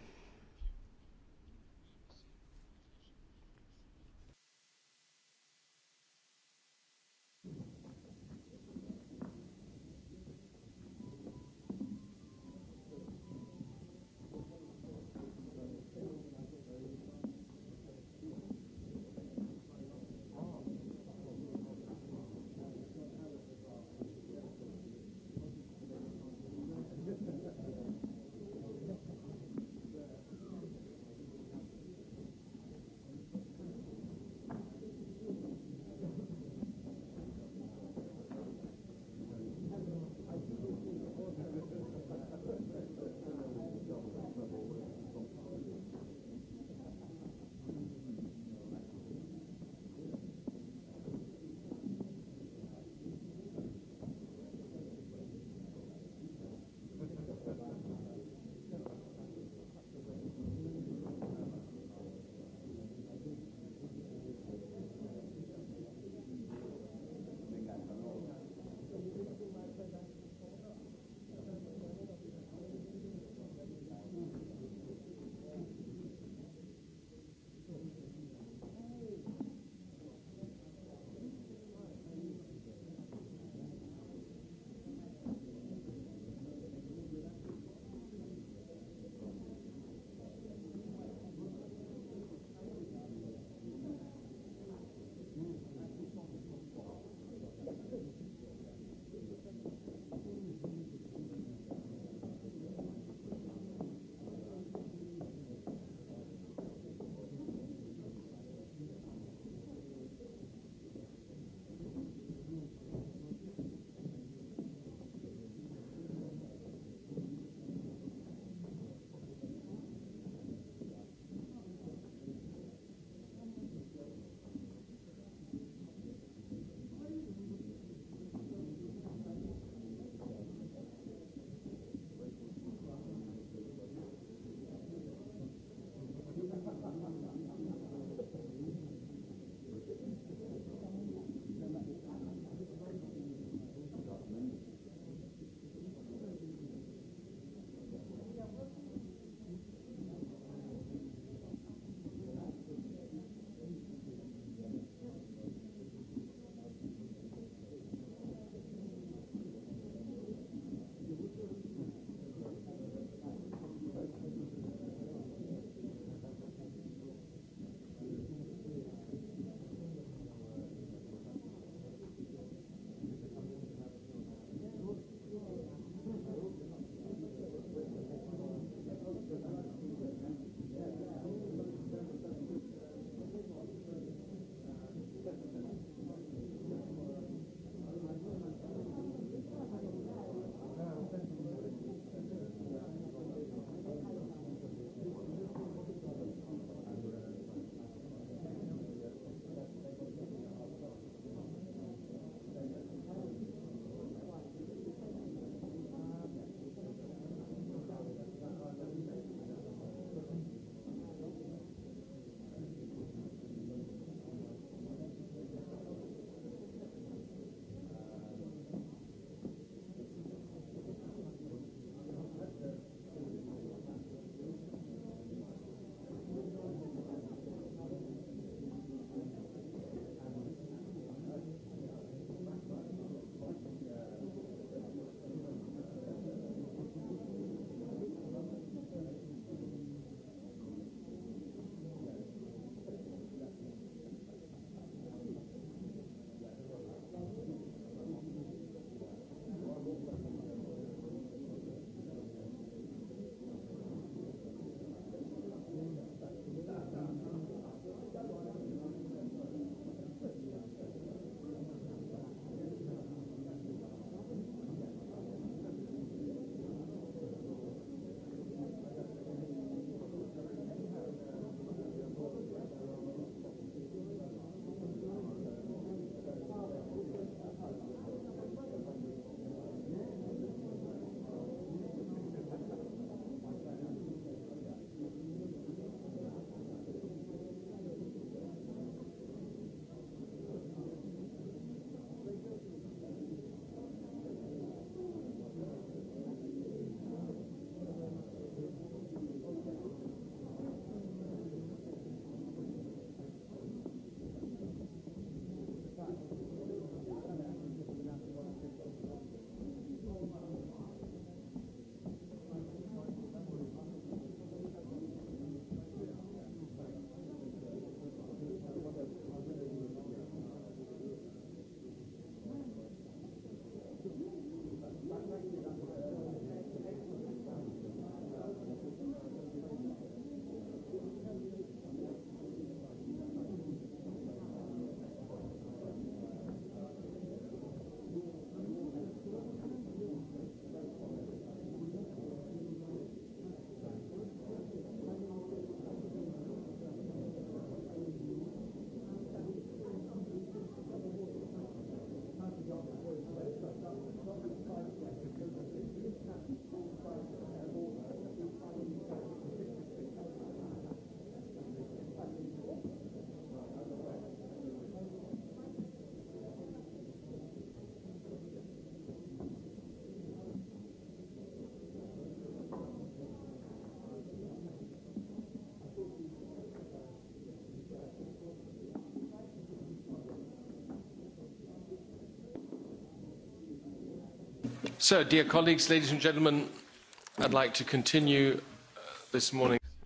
Uh,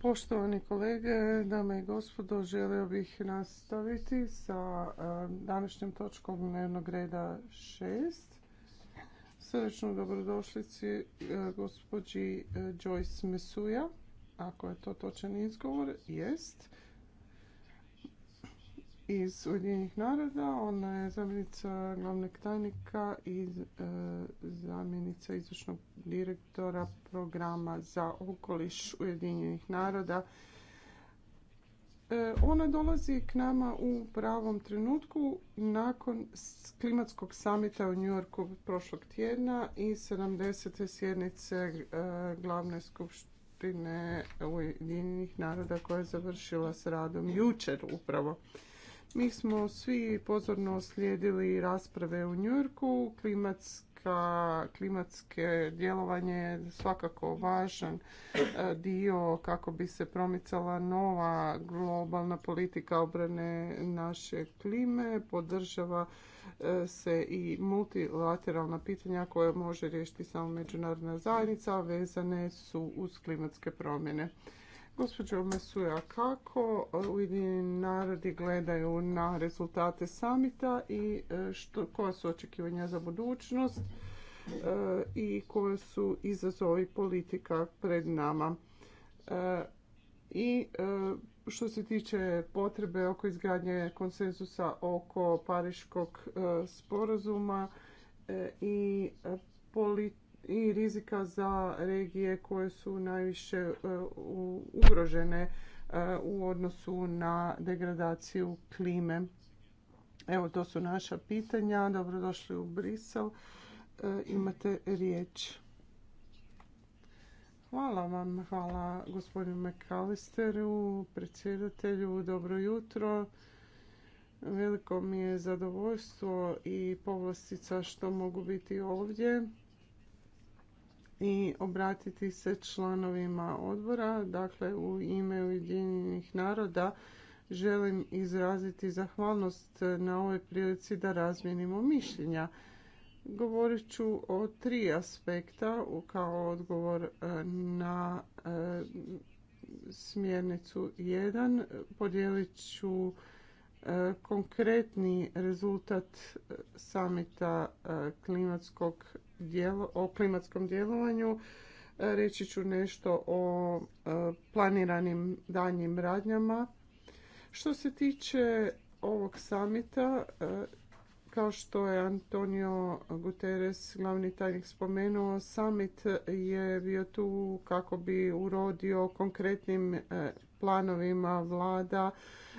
Poštovani kolege, dame i gospodo, želio bih nastaviti sa uh, današnjom točkom dnevnog reda 6. Srdečno dobrodošlici uh, gospođi Joyce Mesuja, ako je to točan izgovor, jest iz Ujedinjenih naroda, ona je zamjenica glavnog tajnika i e, zamjenica izvršnog direktora programa za okoliš Ujedinjenih naroda. E, ona dolazi k nama u pravom trenutku nakon klimatskog samita u New Yorku prošlog tjedna i 70. sjednice e, glavne skupštine Ujedinjenih naroda koja je završila s radom jučer upravo. Mi smo svi pozorno slijedili rasprave u Njurku. Klimatska, klimatske djelovanje je svakako važan e, dio kako bi se promicala nova globalna politika obrane naše klime. Podržava e, se i multilateralna pitanja koje može riješiti samo međunarodna zajednica, a vezane su uz klimatske promjene. Gospođo Mesuja, kako Ujedinjeni narodi gledaju na rezultate samita i e, koja su očekivanja za budućnost e, i koje su izazovi politika pred nama? E, I što se tiče potrebe oko izgradnje konsenzusa oko Pariškog sporazuma i politika i rizika za regije koje su najviše e, ugrožene e, u odnosu na degradaciju klime. Evo, to su naša pitanja. Dobrodošli u Brisel. E, imate riječ. Hvala vam, hvala gospodinu McAllisteru, predsjedatelju, dobro jutro. Veliko mi je zadovoljstvo i povlastica što mogu biti ovdje i obratiti se članovima odbora. Dakle, u ime Ujedinjenih naroda želim izraziti zahvalnost na ovoj prilici da razmijenimo mišljenja. Govorit ću o tri aspekta kao odgovor e, na e, smjernicu 1. Podijelit ću e, konkretni rezultat samita klimatskog o klimatskom djelovanju e, reći ću nešto o e, planiranim danjim radnjama. Što se tiče ovog samita, e, kao što je Antonio Guterres, glavni tajnik, spomenuo, summit je bio tu kako bi urodio konkretnim e, planovima vlada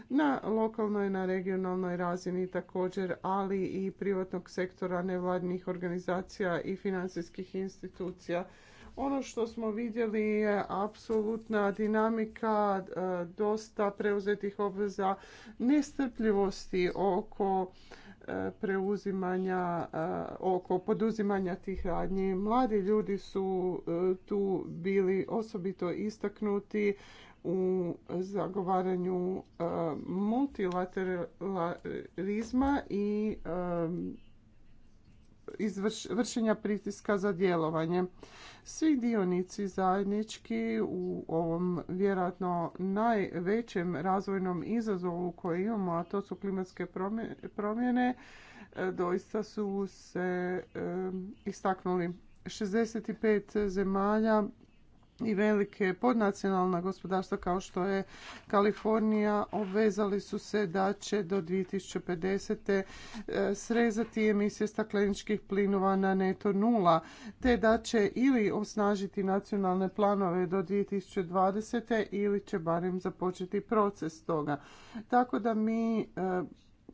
na lokalnoj, na regionalnoj razini također, ali i privatnog sektora nevladnih organizacija i financijskih institucija. Ono što smo vidjeli je apsolutna dinamika e, dosta preuzetih obveza nestrpljivosti oko E, preuzimanja, e, oko poduzimanja tih radnji. Mladi ljudi su e, tu bili osobito istaknuti u zagovaranju multilateralizma i izvrš, vršenja pritiska za djelovanje. Svi dionici zajednički u ovom vjerojatno najvećem razvojnom izazovu koji imamo, a to su klimatske promjene, e, doista su se e, istaknuli. 65 zemalja i velike podnacionalna gospodarstva kao što je Kalifornija obvezali su se da će do 2050. E, srezati emisije stakleničkih plinova na neto nula te da će ili osnažiti nacionalne planove do 2020. ili će barem započeti proces toga. Tako da mi e,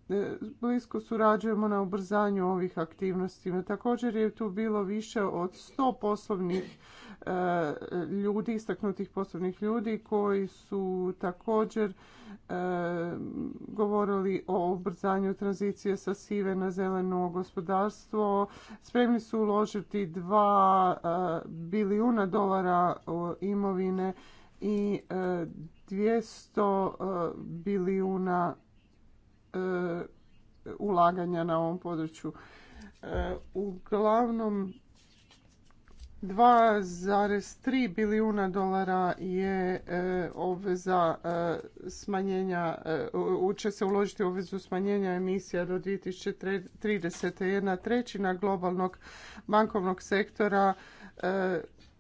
e, blisko surađujemo na ubrzanju ovih aktivnosti. Također je tu bilo više od 100 poslovnih ljudi, istaknutih poslovnih ljudi koji su također e, govorili o ubrzanju tranzicije sa sive na zeleno gospodarstvo. Spremni su uložiti dva e, bilijuna dolara imovine i 200 e, bilijuna ulaganja na ovom području. Uglavnom, 2,3 bilijuna dolara je e, obveza e, smanjenja, e, će se uložiti u obvezu smanjenja emisija do 2030. Jedna trećina globalnog bankovnog sektora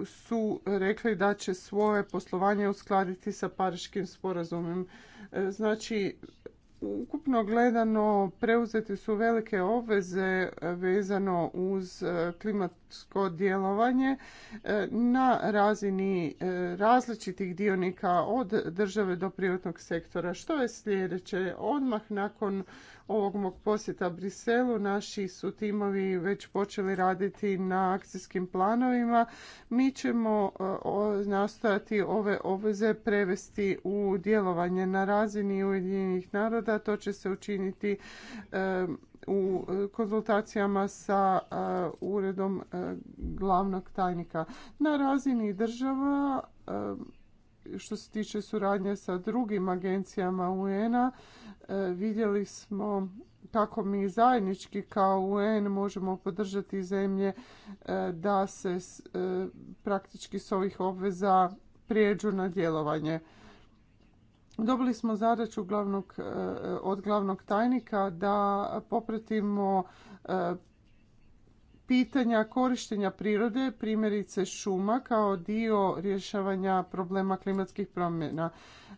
su rekli da će svoje poslovanje uskladiti sa pariškim sporazumom. Znači, ukupno gledano preuzete su velike obveze vezano uz e, klimatsko djelovanje e, na razini e, različitih dionika od države do privatnog sektora. Što je sljedeće? Odmah nakon ovog mog posjeta Briselu. Naši su timovi već počeli raditi na akcijskim planovima. Mi ćemo e, nastojati ove obveze prevesti u djelovanje na razini Ujedinjenih naroda. To će se učiniti e, u konzultacijama sa e, uredom glavnog tajnika. Na razini država što se tiče suradnje sa drugim agencijama UN-a, e, vidjeli smo kako mi zajednički kao UN možemo podržati zemlje e, da se e, praktički s ovih obveza prijeđu na djelovanje. Dobili smo zadaću od glavnog tajnika da popratimo pitanja korištenja prirode, primjerice šuma, kao dio rješavanja problema klimatskih promjena.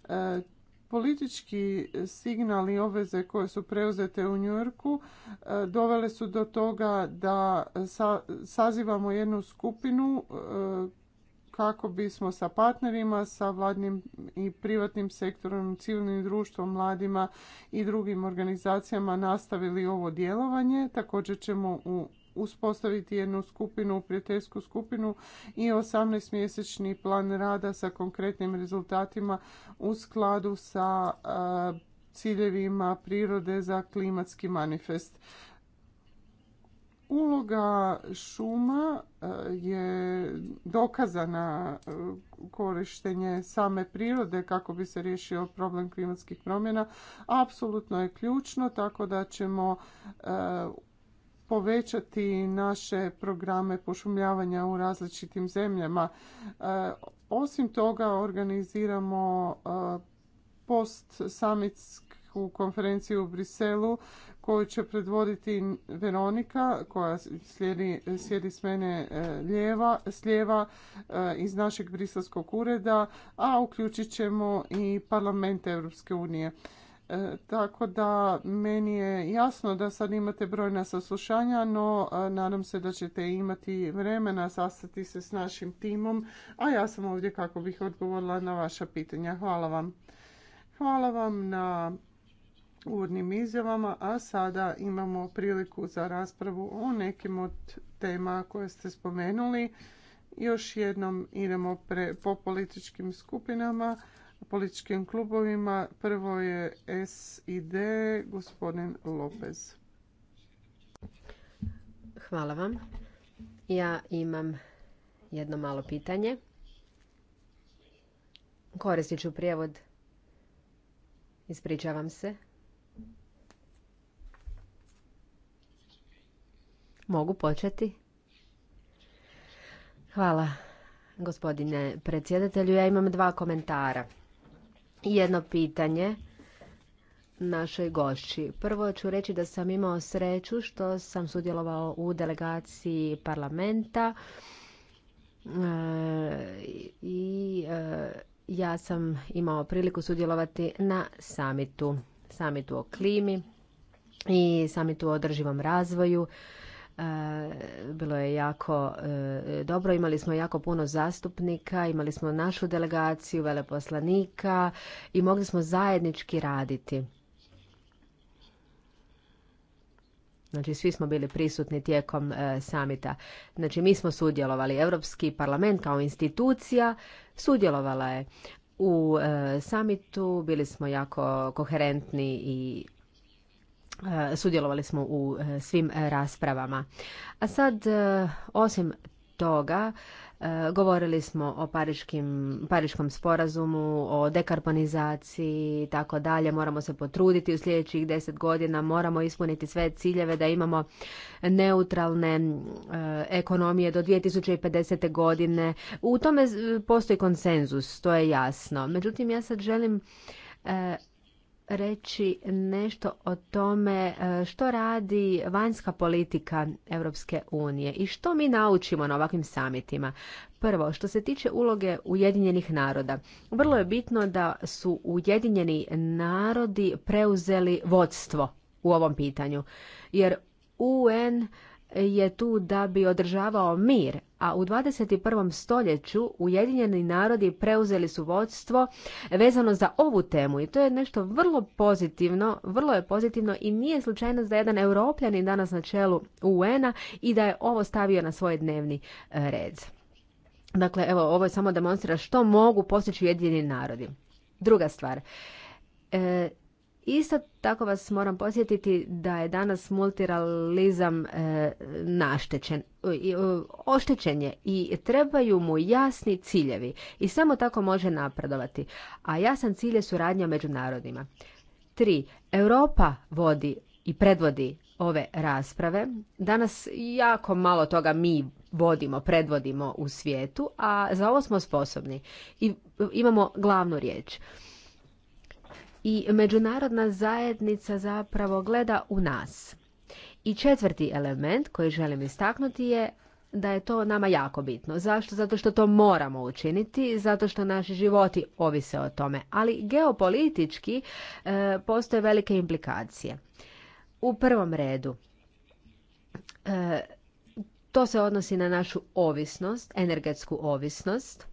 E, politički signal i obveze koje su preuzete u Njujorku e, dovele su do toga da sazivamo jednu skupinu e, kako bismo sa partnerima, sa vladnim i privatnim sektorom, civilnim društvom, mladima i drugim organizacijama nastavili ovo djelovanje. Također ćemo u uspostaviti jednu skupinu, prijateljsku skupinu i 18-mjesečni plan rada sa konkretnim rezultatima u skladu sa e, ciljevima prirode za klimatski manifest. Uloga šuma e, je dokazana e, korištenje same prirode kako bi se riješio problem klimatskih promjena. Apsolutno je ključno, tako da ćemo povećati naše programe pošumljavanja u različitim zemljama. E, osim toga organiziramo e, post samitsku konferenciju u Briselu koju će predvoditi Veronika koja slijedi, sjedi s mene e, lijeva, slijeva iz našeg briselskog ureda, a uključit ćemo i parlament Europske unije. E, tako da meni je jasno da sad imate brojna saslušanja, no e, nadam se da ćete imati vremena sastati se s našim timom, a ja sam ovdje kako bih odgovorila na vaša pitanja. Hvala vam. Hvala vam na uvodnim izjavama, a sada imamo priliku za raspravu o nekim od tema koje ste spomenuli. Još jednom idemo po političkim skupinama političkim klubovima. Prvo je SID, gospodin Lopez. Hvala vam. Ja imam jedno malo pitanje. Koristit ću prijevod. Ispričavam se. Mogu početi? Hvala, gospodine predsjedatelju. Ja imam dva komentara jedno pitanje našoj gošći. Prvo ću reći da sam imao sreću što sam sudjelovao u delegaciji parlamenta e, i e, ja sam imao priliku sudjelovati na samitu, samitu o klimi i samitu o održivom razvoju bilo je jako e, dobro. Imali smo jako puno zastupnika, imali smo našu delegaciju, veleposlanika i mogli smo zajednički raditi. Znači, svi smo bili prisutni tijekom e, samita. Znači, mi smo sudjelovali. Europski parlament kao institucija sudjelovala je u e, samitu. Bili smo jako koherentni i E, sudjelovali smo u e, svim e, raspravama. A sad, osim toga, govorili smo o pariškim, pariškom sporazumu, o dekarbonizaciji i tako dalje. Moramo se potruditi u sljedećih deset godina, moramo ispuniti sve ciljeve da imamo neutralne ekonomije do 2050. godine. U tome postoji konsenzus, to je jasno. Međutim, ja sad želim reći nešto o tome e, što radi vanjska politika Europske unije i što mi naučimo na ovakvim samitima. Prvo, što se tiče uloge Ujedinjenih naroda, vrlo je bitno da su Ujedinjeni narodi preuzeli vodstvo u ovom pitanju, jer UN je tu da bi održavao mir, a u 21. stoljeću Ujedinjeni narodi preuzeli su vodstvo vezano za ovu temu i to je nešto vrlo pozitivno, vrlo je pozitivno i nije slučajno da je jedan europljanin danas na čelu UN-a i da je ovo stavio na svoj dnevni e, red. Dakle, evo, ovo je samo demonstrira što mogu postići Ujedinjeni narodi. Druga stvar, e, Isto tako vas moram podsjetiti da je danas multiralizam e, naštećen, e, e, oštećen je i trebaju mu jasni ciljevi i samo tako može napredovati. A jasan cilj je suradnja narodima Tri, Europa vodi i predvodi ove rasprave. Danas jako malo toga mi vodimo, predvodimo u svijetu, a za ovo smo sposobni i imamo glavnu riječ i međunarodna zajednica zapravo gleda u nas. I četvrti element koji želim istaknuti je da je to nama jako bitno. Zašto? Zato što to moramo učiniti, zato što naši životi ovise o tome. Ali geopolitički e, postoje velike implikacije. U prvom redu, e, to se odnosi na našu ovisnost, energetsku ovisnost.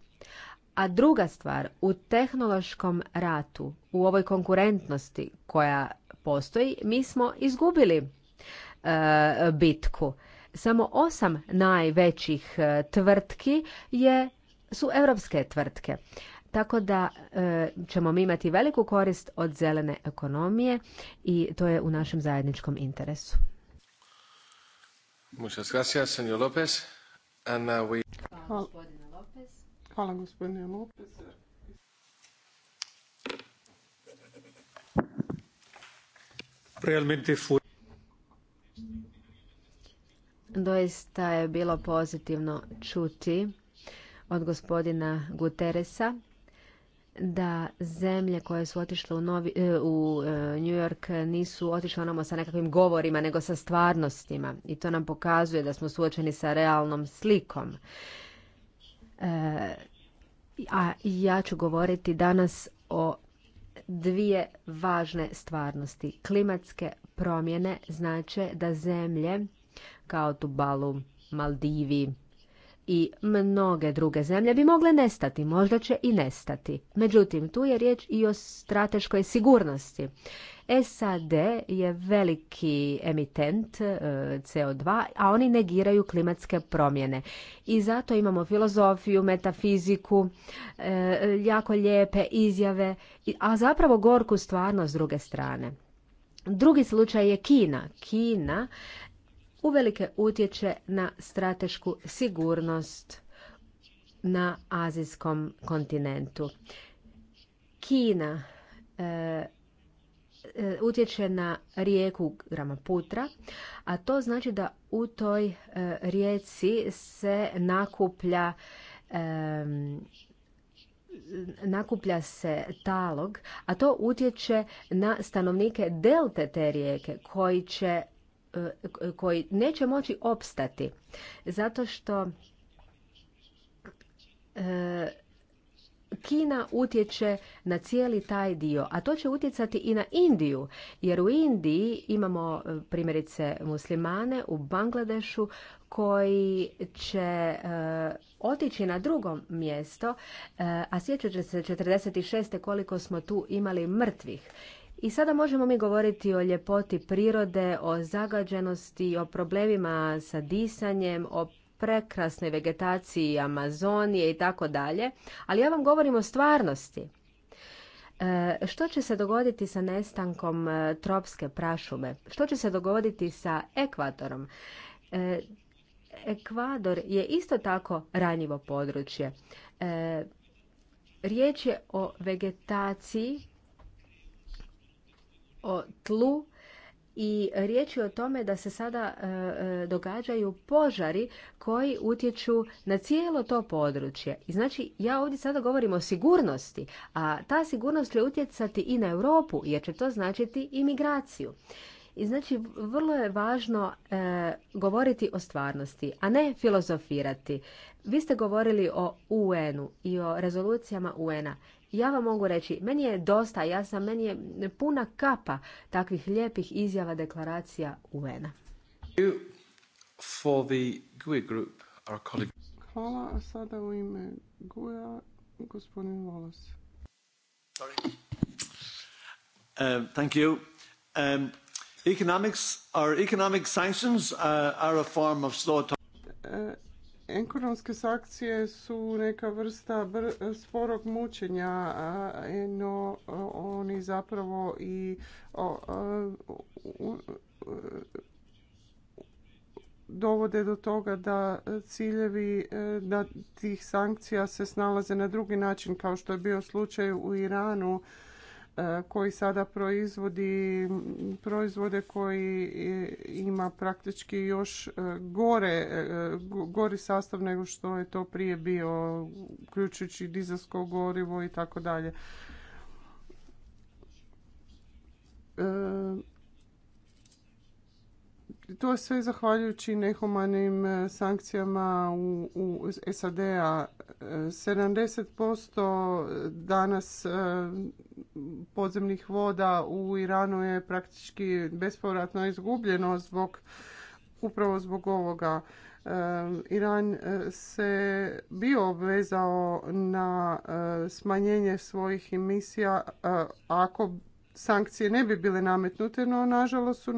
A druga stvar, u tehnološkom ratu, u ovoj konkurentnosti koja postoji, mi smo izgubili e, bitku. Samo osam najvećih e, tvrtki je, su europske tvrtke. Tako da e, ćemo mi imati veliku korist od zelene ekonomije i to je u našem zajedničkom interesu. Muchas gracias, señor López. Uh, Hvala gospodine Lopez. Doista je bilo pozitivno čuti od gospodina Guteresa da zemlje koje su otišle u, e, u e, New York nisu otišle onamo sa nekakvim govorima nego sa stvarnostima i to nam pokazuje da smo suočeni sa realnom slikom. E, a ja ću govoriti danas o dvije važne stvarnosti. Klimatske promjene znače da zemlje kao Tubalu, Maldivi, i mnoge druge zemlje bi mogle nestati, možda će i nestati. Međutim, tu je riječ i o strateškoj sigurnosti. SAD je veliki emitent e, CO2, a oni negiraju klimatske promjene. I zato imamo filozofiju, metafiziku, e, jako lijepe izjave, a zapravo gorku stvarnost s druge strane. Drugi slučaj je Kina. Kina uvelike utječe na stratešku sigurnost na azijskom kontinentu. Kina e, e utječe na rijeku Gramaputra, a to znači da u toj e, rijeci se nakuplja e, nakuplja se talog, a to utječe na stanovnike delte te rijeke koji će E, koji neće moći opstati zato što e, Kina utječe na cijeli taj dio, a to će utjecati i na Indiju, jer u Indiji imamo e, primjerice muslimane u Bangladešu koji će otići na drugo mjesto, a a će se 46. koliko smo tu imali mrtvih. I sada možemo mi govoriti o ljepoti prirode, o zagađenosti, o problemima sa disanjem, o prekrasnoj vegetaciji Amazonije i tako dalje, ali ja vam govorim o stvarnosti. E, što će se dogoditi sa nestankom e, tropske prašume? Što će se dogoditi sa ekvatorom? E, Ekvador je isto tako ranjivo područje. E, riječ je o vegetaciji o tlu i riječ je o tome da se sada e, e, događaju požari koji utječu na cijelo to područje. I znači ja ovdje sada govorim o sigurnosti, a ta sigurnost će utjecati i na Europu jer će to značiti i migraciju. I znači vrlo je važno e, govoriti o stvarnosti, a ne filozofirati. Vi ste govorili o UN-u i o rezolucijama UN-a ja vam mogu reći, meni je dosta, ja sam, meni je puna kapa takvih lijepih izjava deklaracija UN-a. Hvala, a sada u ime GUE-a gospodin Volos. Um, thank you. Um, economics, our economic sanctions uh, are a form of slow uh, Ekonomske sankcije su neka vrsta sporog mučenja, no oni zapravo i dovode do toga da ciljevi e, da tih sankcija se snalaze na drugi način kao što je bio slučaj u Iranu E, koji sada proizvodi proizvode koji ima praktički još e, gore, e, gori sastav nego što je to prije bio, uključujući dizelsko gorivo i tako dalje. To je sve zahvaljujući nehumanim sankcijama u, u SAD-a 70% danas e, podzemnih voda u Iranu je praktički bespovratno izgubljeno zbog upravo zbog ovoga. E, Iran e, se bio obvezao na smanjenje svojih emisija ako sankcije ne bi bile nametnute, no nažalost su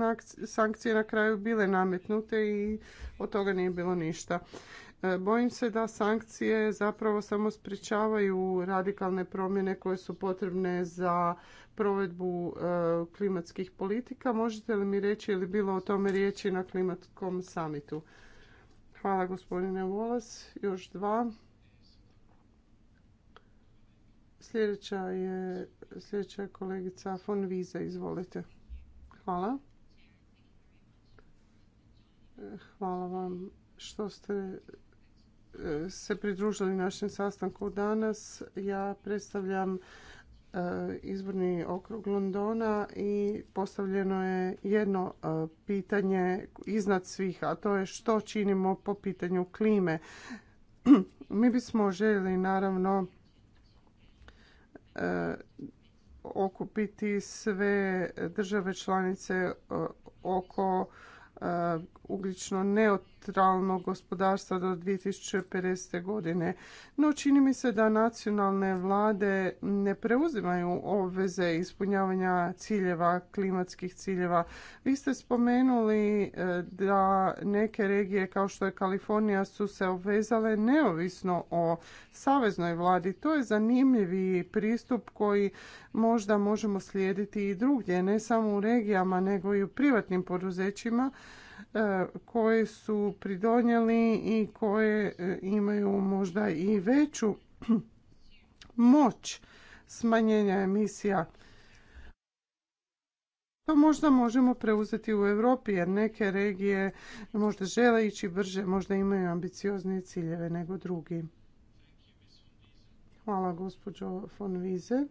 sankcije na kraju bile nametnute i od toga nije bilo ništa. E, bojim se da sankcije zapravo samo sprječavaju radikalne promjene koje su potrebne za provedbu e, klimatskih politika. Možete li mi reći ili bilo o tome riječi na klimatskom samitu? Hvala gospodine Volas. Još dva. Sljedeća je, sljedeća je kolegica von Wiese, Izvolite. Hvala. Hvala vam što ste se pridružili našem sastanku danas. Ja predstavljam e, izborni okrug Londona i postavljeno je jedno e, pitanje iznad svih, a to je što činimo po pitanju klime. Mi bismo željeli naravno e, okupiti sve države članice oko ugljično neutralnog gospodarstva do 2050. godine. No čini mi se da nacionalne vlade ne preuzimaju obveze ispunjavanja ciljeva, klimatskih ciljeva. Vi ste spomenuli e, da neke regije kao što je Kalifornija su se obvezale neovisno o saveznoj vladi. To je zanimljivi pristup koji možda možemo slijediti i drugdje, ne samo u regijama nego i u privatnim poduzećima E, koje su pridonijeli i koje e, imaju možda i veću moć smanjenja emisija. To možda možemo preuzeti u Europi jer neke regije možda žele ići brže, možda imaju ambicioznije ciljeve nego drugi. Hvala gospođo von Vize.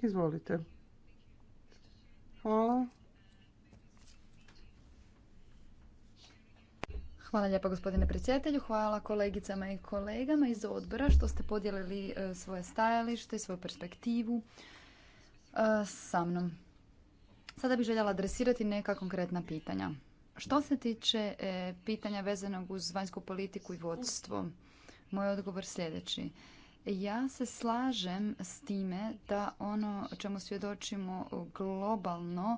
Izvolite. Hvala. Hvala lijepa gospodine predsjedatelju, hvala kolegicama i kolegama iz odbora što ste podijelili e, svoje stajalište, svoju perspektivu e, sa mnom. Sada bih željela adresirati neka konkretna pitanja. Što se tiče e, pitanja vezanog uz vanjsku politiku i vodstvo, moj odgovor sljedeći. Ja se slažem s time da ono čemu svjedočimo globalno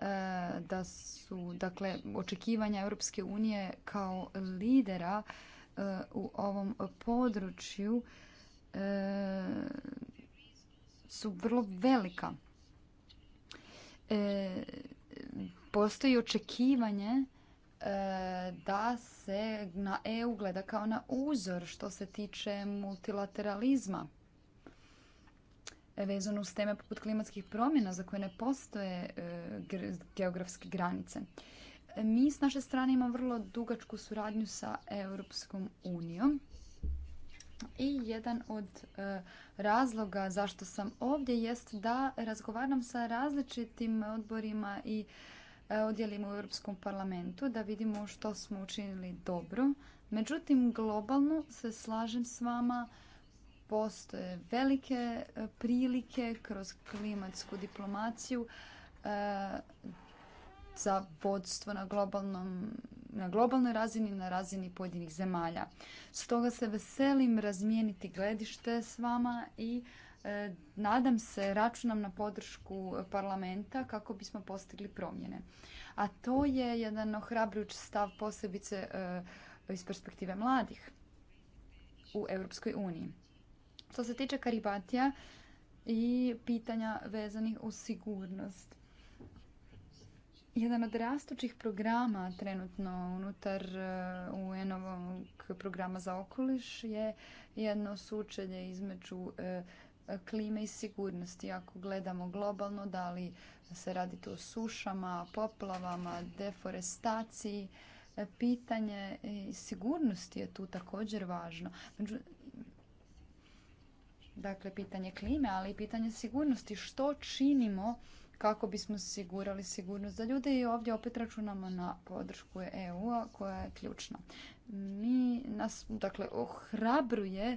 E, da su dakle očekivanja Europske unije kao lidera e, u ovom području e, su vrlo velika. Postoji očekivanje da se na EU gleda kao na uzor što se tiče multilateralizma vezano uz teme poput klimatskih promjena za koje ne postoje e, geografske granice. E, mi s naše strane imamo vrlo dugačku suradnju sa Europskom unijom i jedan od e, razloga zašto sam ovdje jest da razgovaram sa različitim odborima i odjelima u Europskom parlamentu da vidimo što smo učinili dobro. Međutim, globalno se slažem s vama postoje velike e, prilike kroz klimatsku diplomaciju e, za vodstvo na, globalnom, na globalnoj razini, na razini pojedinih zemalja. Stoga se veselim razmijeniti gledište s vama i e, nadam se, računam na podršku parlamenta kako bismo postigli promjene. A to je jedan ohrabrujući stav posebice iz perspektive mladih u Europskoj uniji. Što se tiče Karibatija i pitanja vezanih uz sigurnost. Jedan od rastućih programa trenutno unutar uh, UN-ovog programa za okoliš je jedno sučelje između uh, klime i sigurnosti. Ako gledamo globalno, da li se radi tu o sušama, poplavama, deforestaciji, pitanje e, sigurnosti je tu također važno dakle pitanje klime, ali i pitanje sigurnosti. Što činimo kako bismo sigurali sigurnost za ljude i ovdje opet računamo na podršku EU-a koja je ključna. Mi nas, dakle, ohrabruje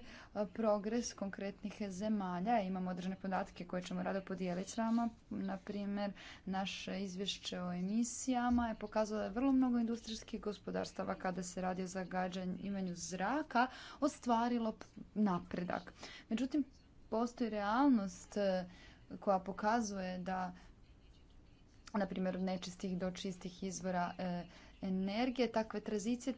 progres konkretnih zemalja. Imamo određene podatke koje ćemo rado podijeliti s vama. Naprimjer, naše izvješće o emisijama je pokazalo da je vrlo mnogo industrijskih gospodarstava kada se radi o zagađanju zraka ostvarilo napredak. Međutim, postoji realnost koja pokazuje da na primjer od nečistih do čistih izvora e, energije, takve tranzicije e,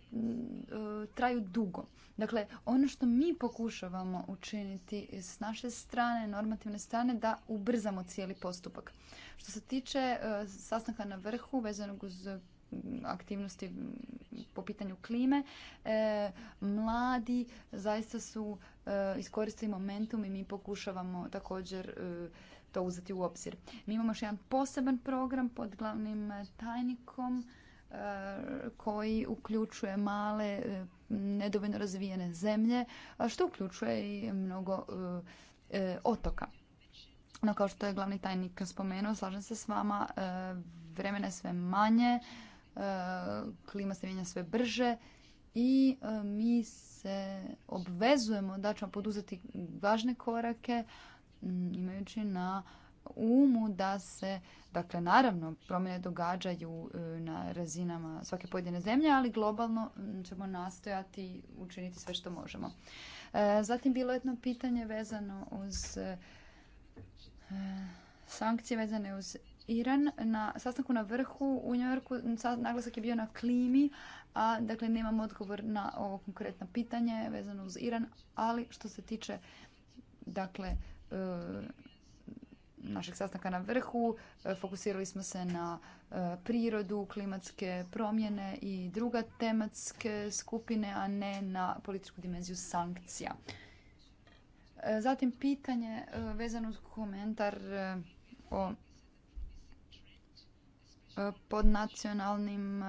traju dugo. Dakle, ono što mi pokušavamo učiniti s naše strane, normativne strane, da ubrzamo cijeli postupak. Što se tiče e, sastanka na vrhu vezanog uz aktivnosti po pitanju klime. mladi zaista su iskoristili momentum i mi pokušavamo također to uzeti u obzir. Mi imamo još jedan poseban program pod glavnim e, tajnikom e, koji uključuje male, e, nedovoljno razvijene zemlje, što uključuje i mnogo otoka. No, kao što je glavni tajnik spomenuo, slažem se s vama, vremena je sve manje, klima se mijenja sve brže i mi se obvezujemo da ćemo poduzeti važne korake, Mm, imajući na umu da se, dakle naravno promjene događaju e, na razinama svake pojedine zemlje, ali globalno mm, ćemo nastojati učiniti sve što možemo. E, zatim bilo je jedno pitanje vezano uz e, sankcije vezane uz Iran na sastanku na vrhu u Njorku, naglasak je bio na klimi, a dakle nemam odgovor na ovo konkretno pitanje vezano uz Iran, ali što se tiče dakle E, našeg sastanka na vrhu. E, fokusirali smo se na e, prirodu, klimatske promjene i druga tematske skupine, a ne na političku dimenziju sankcija. Zatim pitanje vezano uz komentar o podnacionalnim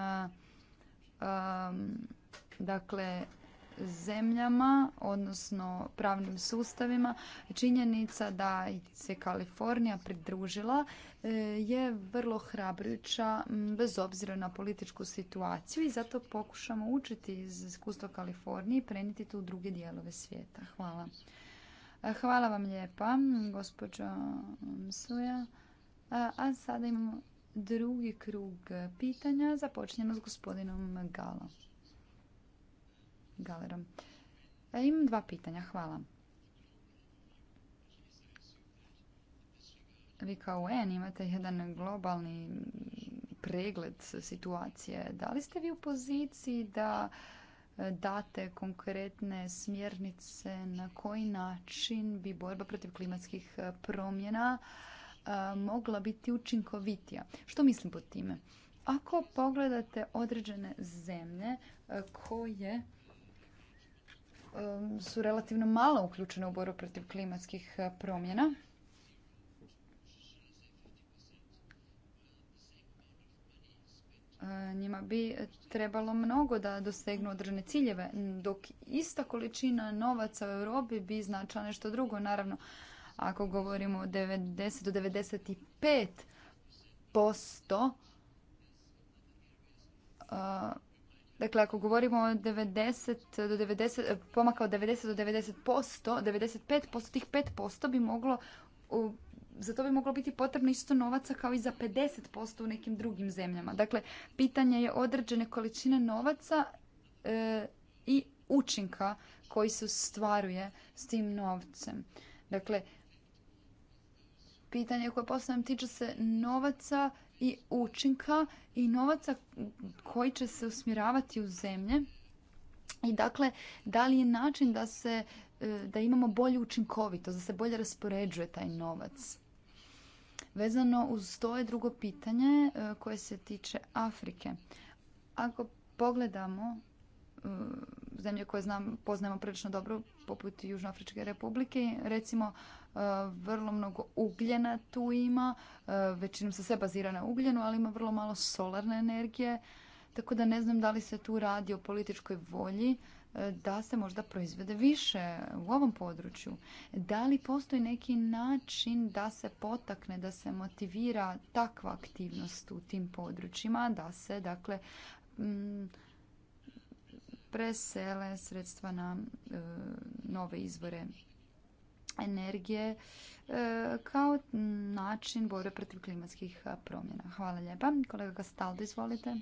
dakle zemljama, odnosno pravnim sustavima, činjenica da se Kalifornija pridružila e, je vrlo hrabrujuća bez obzira na političku situaciju i zato pokušamo učiti iz iskustva Kalifornije i prenijeti to u druge dijelove svijeta. Hvala. E, hvala vam lijepa, gospođo Msuja. E, a sada imamo drugi krug pitanja. Započinjemo s gospodinom Galom. Galerom. E, imam dva pitanja, hvala. Vi kao UN imate jedan globalni pregled situacije. Da li ste vi u poziciji da e, date konkretne smjernice na koji način bi borba protiv klimatskih e, promjena mogla biti učinkovitija. Što mislim pod time? Ako pogledate određene zemlje koje su relativno malo uključene u boru protiv klimatskih eh, promjena. Eh, njima bi trebalo mnogo da dosegnu određene ciljeve, dok ista količina novaca u Europi bi značila nešto drugo. Naravno, ako govorimo o 90 do 95 posto eh, Dakle, ako govorimo o 90 do 90, pomaka od 90 do 90%, 95%, tih 5% bi moglo, za to bi moglo biti potrebno isto novaca kao i za 50% u nekim drugim zemljama. Dakle, pitanje je određene količine novaca e, i učinka koji se stvaruje s tim novcem. Dakle, pitanje koje postavljam tiče se novaca i učinka i novaca koji će se usmjeravati u zemlje. I dakle, da li je način da se e, da imamo bolju učinkovitost, da se bolje raspoređuje taj novac. Vezano uz to je drugo pitanje e, koje se tiče Afrike. Ako pogledamo Mm, zemlje koje znam, poznajemo prilično dobro, poput Južnoafričke republike, recimo e, vrlo mnogo ugljena tu ima, e, većinom se sve bazira na ugljenu, ali ima vrlo malo solarne energije, tako da ne znam da li se tu radi o političkoj volji e, da se možda proizvede više u ovom području. Da li postoji neki način da se potakne, da se motivira takva aktivnost u tim područjima, da se dakle mm, presele sredstva na e, nove izvore energije e, kao način borbe protiv klimatskih promjena. Hvala lijepa. Kolega Gastaldo, izvolite.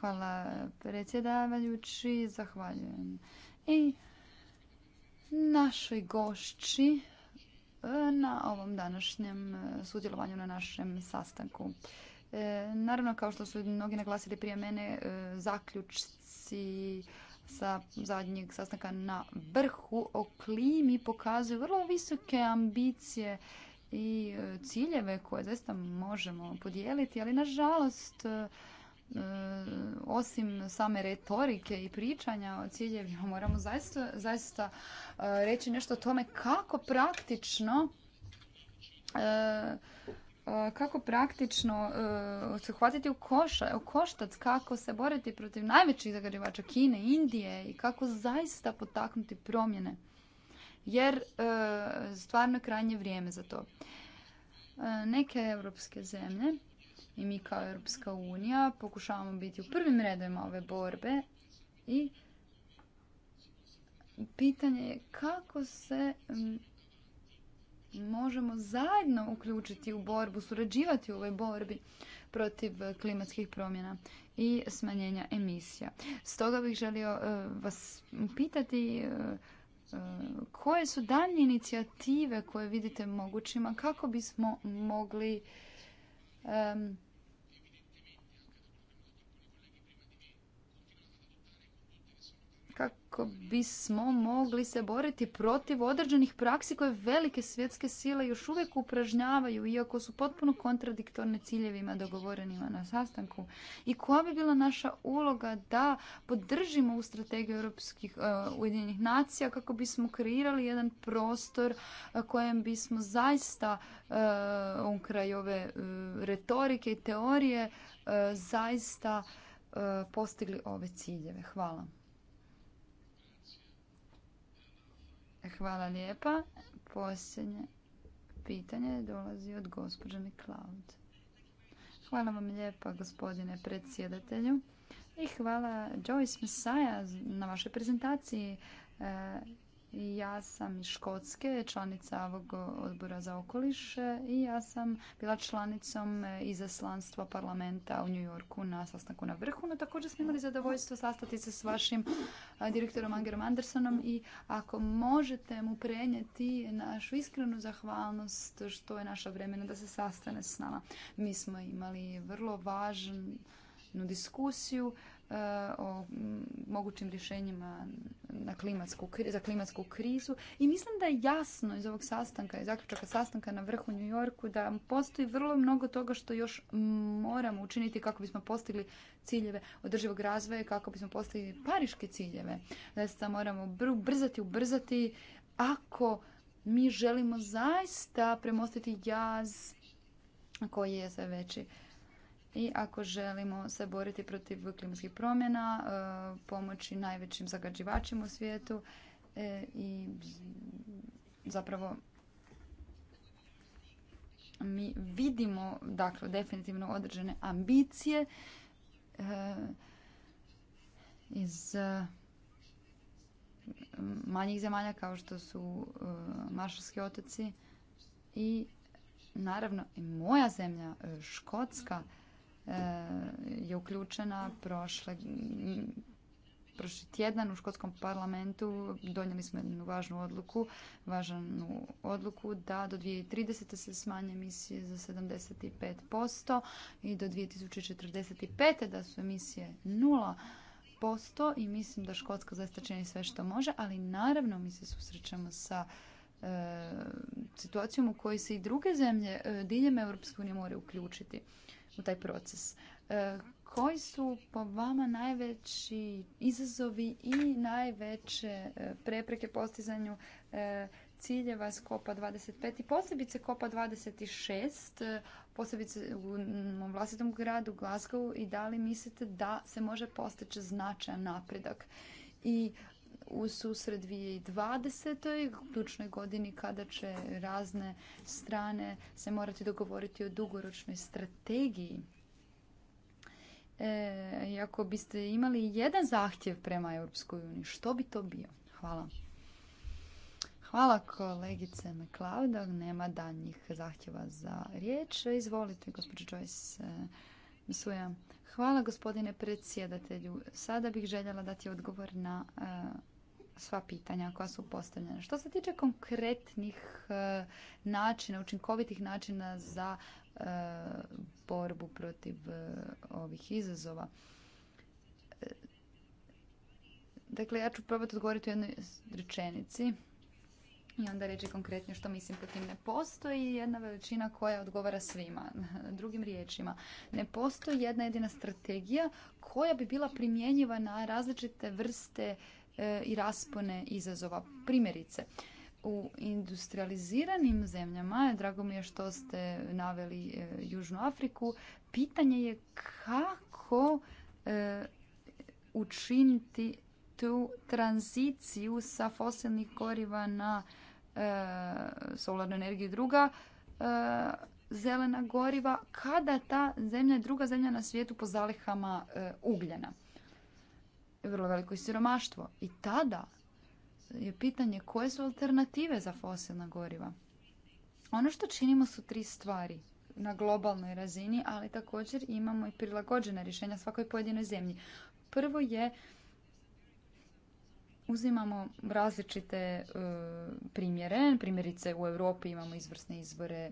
Hvala predsjedavajući. Zahvaljujem i našoj gošći e, na ovom današnjem sudjelovanju na našem sastanku. Naravno, kao što su mnogi naglasili prije mene, zaključ i sa zadnjeg sastanka na vrhu o klimi pokazuju vrlo visoke ambicije i e, ciljeve koje zaista možemo podijeliti, ali nažalost e, osim same retorike i pričanja o ciljevima moramo zaista, zaista e, reći nešto o tome kako praktično E, kako praktično e, se hvatiti u, koša, u koštac, kako se boriti protiv najvećih zagarivača Kine, Indije i kako zaista potaknuti promjene. Jer e, stvarno je krajnje vrijeme za to. Neke europske zemlje i mi kao Europska unija pokušavamo biti u prvim redovima ove borbe i pitanje je kako se možemo zajedno uključiti u borbu, surađivati u ovoj borbi protiv e, klimatskih promjena i smanjenja emisija. Stoga bih želio e, vas pitati e, koje su daljnje inicijative koje vidite mogućima kako bismo mogli kako bismo mogli se boriti protiv određenih praksi koje velike svjetske sile još uvijek upražnjavaju, iako su potpuno kontradiktorne ciljevima dogovorenima na sastanku. I koja bi bila naša uloga da podržimo u strategiju Europskih e, Ujedinjenih nacija kako bismo kreirali jedan prostor e, kojem bismo zaista e, u on kraj ove retorike i teorije zaista postigli ove ciljeve. Hvala. Hvala lijepa. Posljednje pitanje dolazi od gospođe Cloud. Hvala vam lijepa gospodine predsjedatelju i hvala Joyce Messiah na vašoj prezentaciji. E, ja sam iz Škotske, članica ovog odbora za okoliš i ja sam bila članicom e, izaslanstva parlamenta u New Yorku na sastanku na vrhu, no također smo imali zadovoljstvo sastati se s vašim direktorom Angerom Andersonom i ako možete mu prenijeti našu iskrenu zahvalnost što je naša vremena da se sastane s nama. Mi smo imali vrlo važnu diskusiju E, o mogućim rješenjima na klimatsku, za klimatsku krizu i mislim da je jasno iz ovog sastanka, iz zaključaka sastanka na vrhu New Yorku da postoji vrlo mnogo toga što još moramo učiniti kako bismo postigli ciljeve održivog razvoja i kako bismo postigli pariške ciljeve. Zaista moramo brzati, ubrzati ako mi želimo zaista premostiti jaz koji je sve veći i ako želimo se boriti protiv klimatskih promjena, e, pomoći najvećim zagađivačima u svijetu e, i zapravo mi vidimo dakle definitivno određene ambicije e, iz manjih zemalja kao što su Maršalski otoci i naravno i moja zemlja Škotska je uključena prošle prošli tjedan u škotskom parlamentu donijeli smo jednu važnu odluku, važnu odluku da do 2030. se smanje emisije za 75% i do 2045. da su emisije nula posto i mislim da Škotska zaista čini sve što može, ali naravno mi se susrećemo sa e, situacijom u kojoj se i druge zemlje e, diljem Europske unije moraju uključiti u taj proces. E, koji su po vama najveći izazovi i najveće e, prepreke postizanju e, ciljeva s Kopa 25 i posebice Kopa 26, posebice u mom vlastitom gradu Glasgow i da li mislite da se može postići značajan napredak? I u susred 2020. ključnoj godini kada će razne strane se morati dogovoriti o dugoročnoj strategiji. E, I ako biste imali jedan zahtjev prema Europskoj uniji, što bi to bio? Hvala. Hvala kolegice McLeod, nema danjih zahtjeva za riječ. Izvolite, gospođo Joyce e, Misuja. Hvala gospodine predsjedatelju. Sada bih željela dati odgovor na e, sva pitanja koja su postavljena. Što se tiče konkretnih e, načina, učinkovitih načina za e, borbu protiv e, ovih izazova. Dakle, ja ću probati odgovoriti u jednoj rečenici i onda reći konkretno što mislim po tim. Ne postoji jedna veličina koja odgovara svima. Drugim riječima, ne postoji jedna jedina strategija koja bi bila primjenjiva na različite vrste E, i raspone izazova. Primjerice, u industrializiranim zemljama, drago mi je što ste naveli e, Južnu Afriku, pitanje je kako e, učiniti tu tranziciju sa fosilnih goriva na solarnu energiju druga zelena goriva kada ta zemlja je druga zemlja na svijetu po zalihama ugljena vrlo veliko siromaštvo. I tada je pitanje koje su alternative za fosilna goriva. Ono što činimo su tri stvari na globalnoj razini, ali također imamo i prilagođena rješenja svakoj pojedinoj zemlji. Prvo je uzimamo različite e, primjere. Primjerice u Europi imamo izvrsne izvore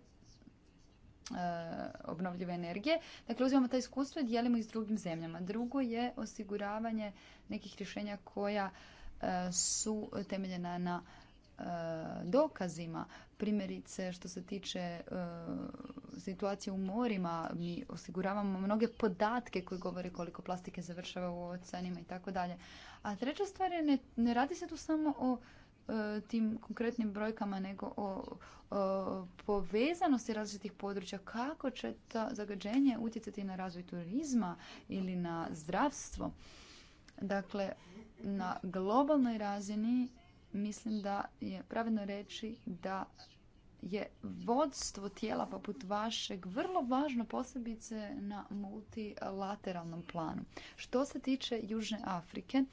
E, obnovljive energije. Dakle, uzimamo ta iskustva i dijelimo ih s drugim zemljama. Drugo je osiguravanje nekih rješenja koja e, su temeljena na e, dokazima. Primjerice što se tiče situacije u morima, mi osiguravamo mnoge podatke koji govore koliko plastike završava u oceanima i tako dalje. A treća stvar je, ne, ne radi se tu samo o E, tim konkretnim brojkama, nego o, o povezanosti različitih područja, kako će to zagađenje utjecati na razvoj turizma ili na zdravstvo. Dakle, na globalnoj razini mislim da je pravedno reći da je vodstvo tijela poput vašeg vrlo važno posebice na multilateralnom planu. Što se tiče Južne Afrike,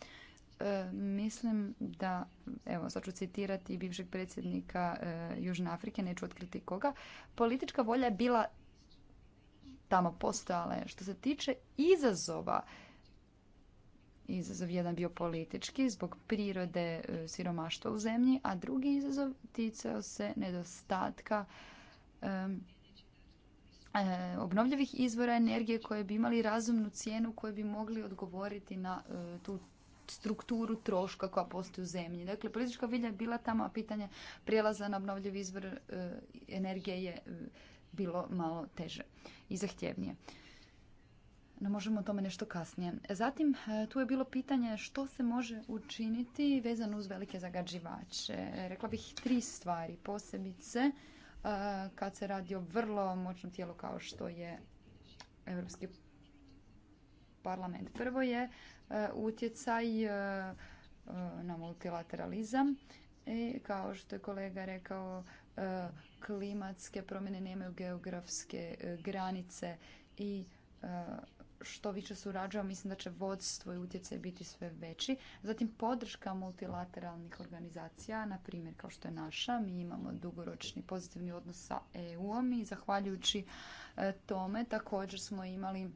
E, mislim da, evo sad ću citirati bivšeg predsjednika e, Južne Afrike, neću otkriti koga, politička volja je bila tamo postojala Što se tiče izazova, izazov jedan bio politički zbog prirode e, siromaštva u zemlji, a drugi izazov ticao se nedostatka obnovljivih izvora energije koje bi imali razumnu cijenu koje bi mogli odgovoriti na tu strukturu troška koja postoji u zemlji. Dakle, politička vilja je bila tamo, a pitanje prijelaza na obnovljivi izvor e, energije je e, bilo malo teže i zahtjevnije. No, možemo o tome nešto kasnije. E, zatim, tu je bilo pitanje što se može učiniti vezano uz velike zagađivače. Rekla bih tri stvari, posebice kad se radi o vrlo moćnom tijelu kao što je Europski parlament. Prvo je E, utjecaj e, e, na multilateralizam i kao što je kolega rekao klimatske promjene nemaju geografske granice i što više surađujemo mislim da će vodstvo i utjecaj biti sve veći. Zatim podrška multilateralnih organizacija, na primjer kao što je naša, mi imamo dugoročni pozitivni odnos sa EU-om i zahvaljujući tome također smo imali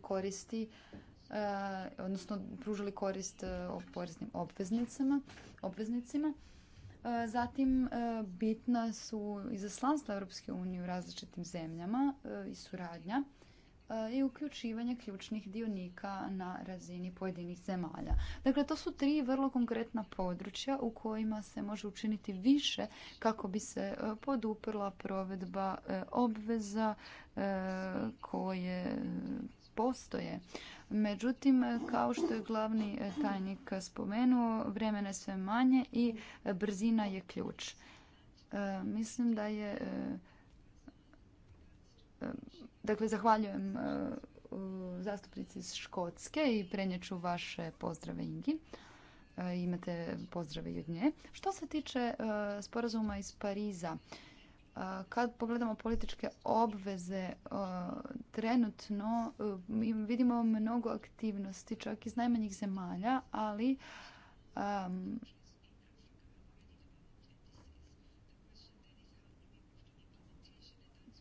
koristi E, odnosno pružili korist e, poreznim obveznicima. E, zatim bitna su izaslanstva Europske unije u različitim zemljama i suradnja i uključivanje ključnih dionika na razini pojedinih zemalja. Dakle, to su tri vrlo konkretna područja u kojima se može učiniti više kako bi se poduprla provedba obveza koje postoje Međutim, kao što je glavni e, tajnik spomenuo, vremena je sve manje i e, brzina je ključ. E, mislim da je... Dakle, zahvaljujem zastupnici iz Škotske i prenjeću vaše pozdrave Ingi. Imate pozdrave i od nje. Što se tiče sporazuma iz Pariza, kad pogledamo političke obveze trenutno, e, vidimo mnogo aktivnosti, čak iz najmanjih zemalja, ali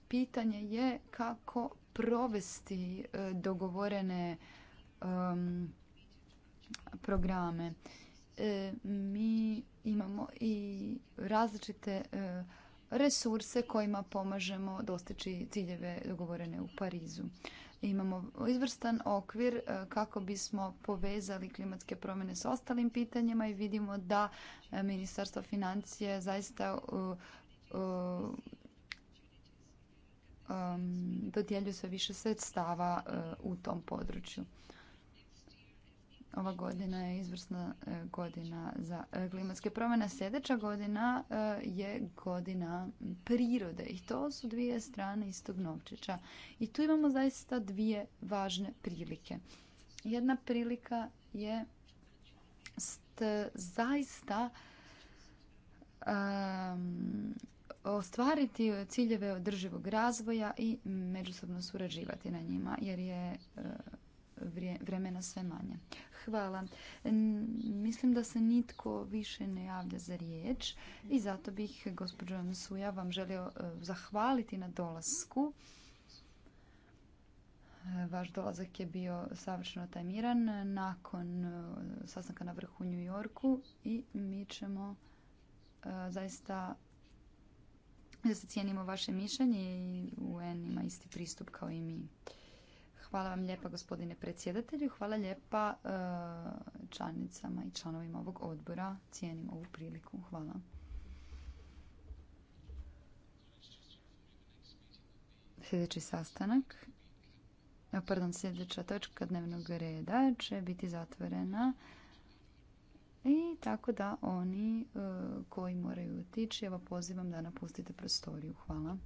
pitanje je kako provesti e, dogovorene programe. E, mi imamo i različite resurse kojima pomažemo dostići ciljeve dogovorene u Parizu. Imamo izvrstan okvir e, kako bismo povezali klimatske promjene s ostalim pitanjima i vidimo da e, Ministarstvo financije zaista e, dodjelju sve više sredstava u tom području. Ova godina je izvrsna e, godina za e, klimatske promjene. Sljedeća godina e, je godina prirode i to su dvije strane istog novčića. I tu imamo zaista dvije važne prilike. Jedna prilika je zaista ostvariti ciljeve održivog razvoja i međusobno surađivati na njima jer je vremena sve manje. Hvala. Mislim da se nitko više ne javlja za riječ i zato bih, gospođo suja vam želio e, zahvaliti na dolasku. E, vaš dolazak je bio savršeno tajmiran nakon e, sastanka na vrhu u New Yorku i mi ćemo zaista da se cijenimo vaše mišljenje i UN ima isti pristup kao i mi. Hvala vam lijepa gospodine predsjedatelju, hvala lijepa e, članicama i članovima ovog odbora. Cijenim ovu priliku. Hvala. Sljedeći sastanak, e, pardon, sljedeća točka dnevnog reda će biti zatvorena i tako da oni e, koji moraju otići, evo pozivam da napustite prostoriju. Hvala.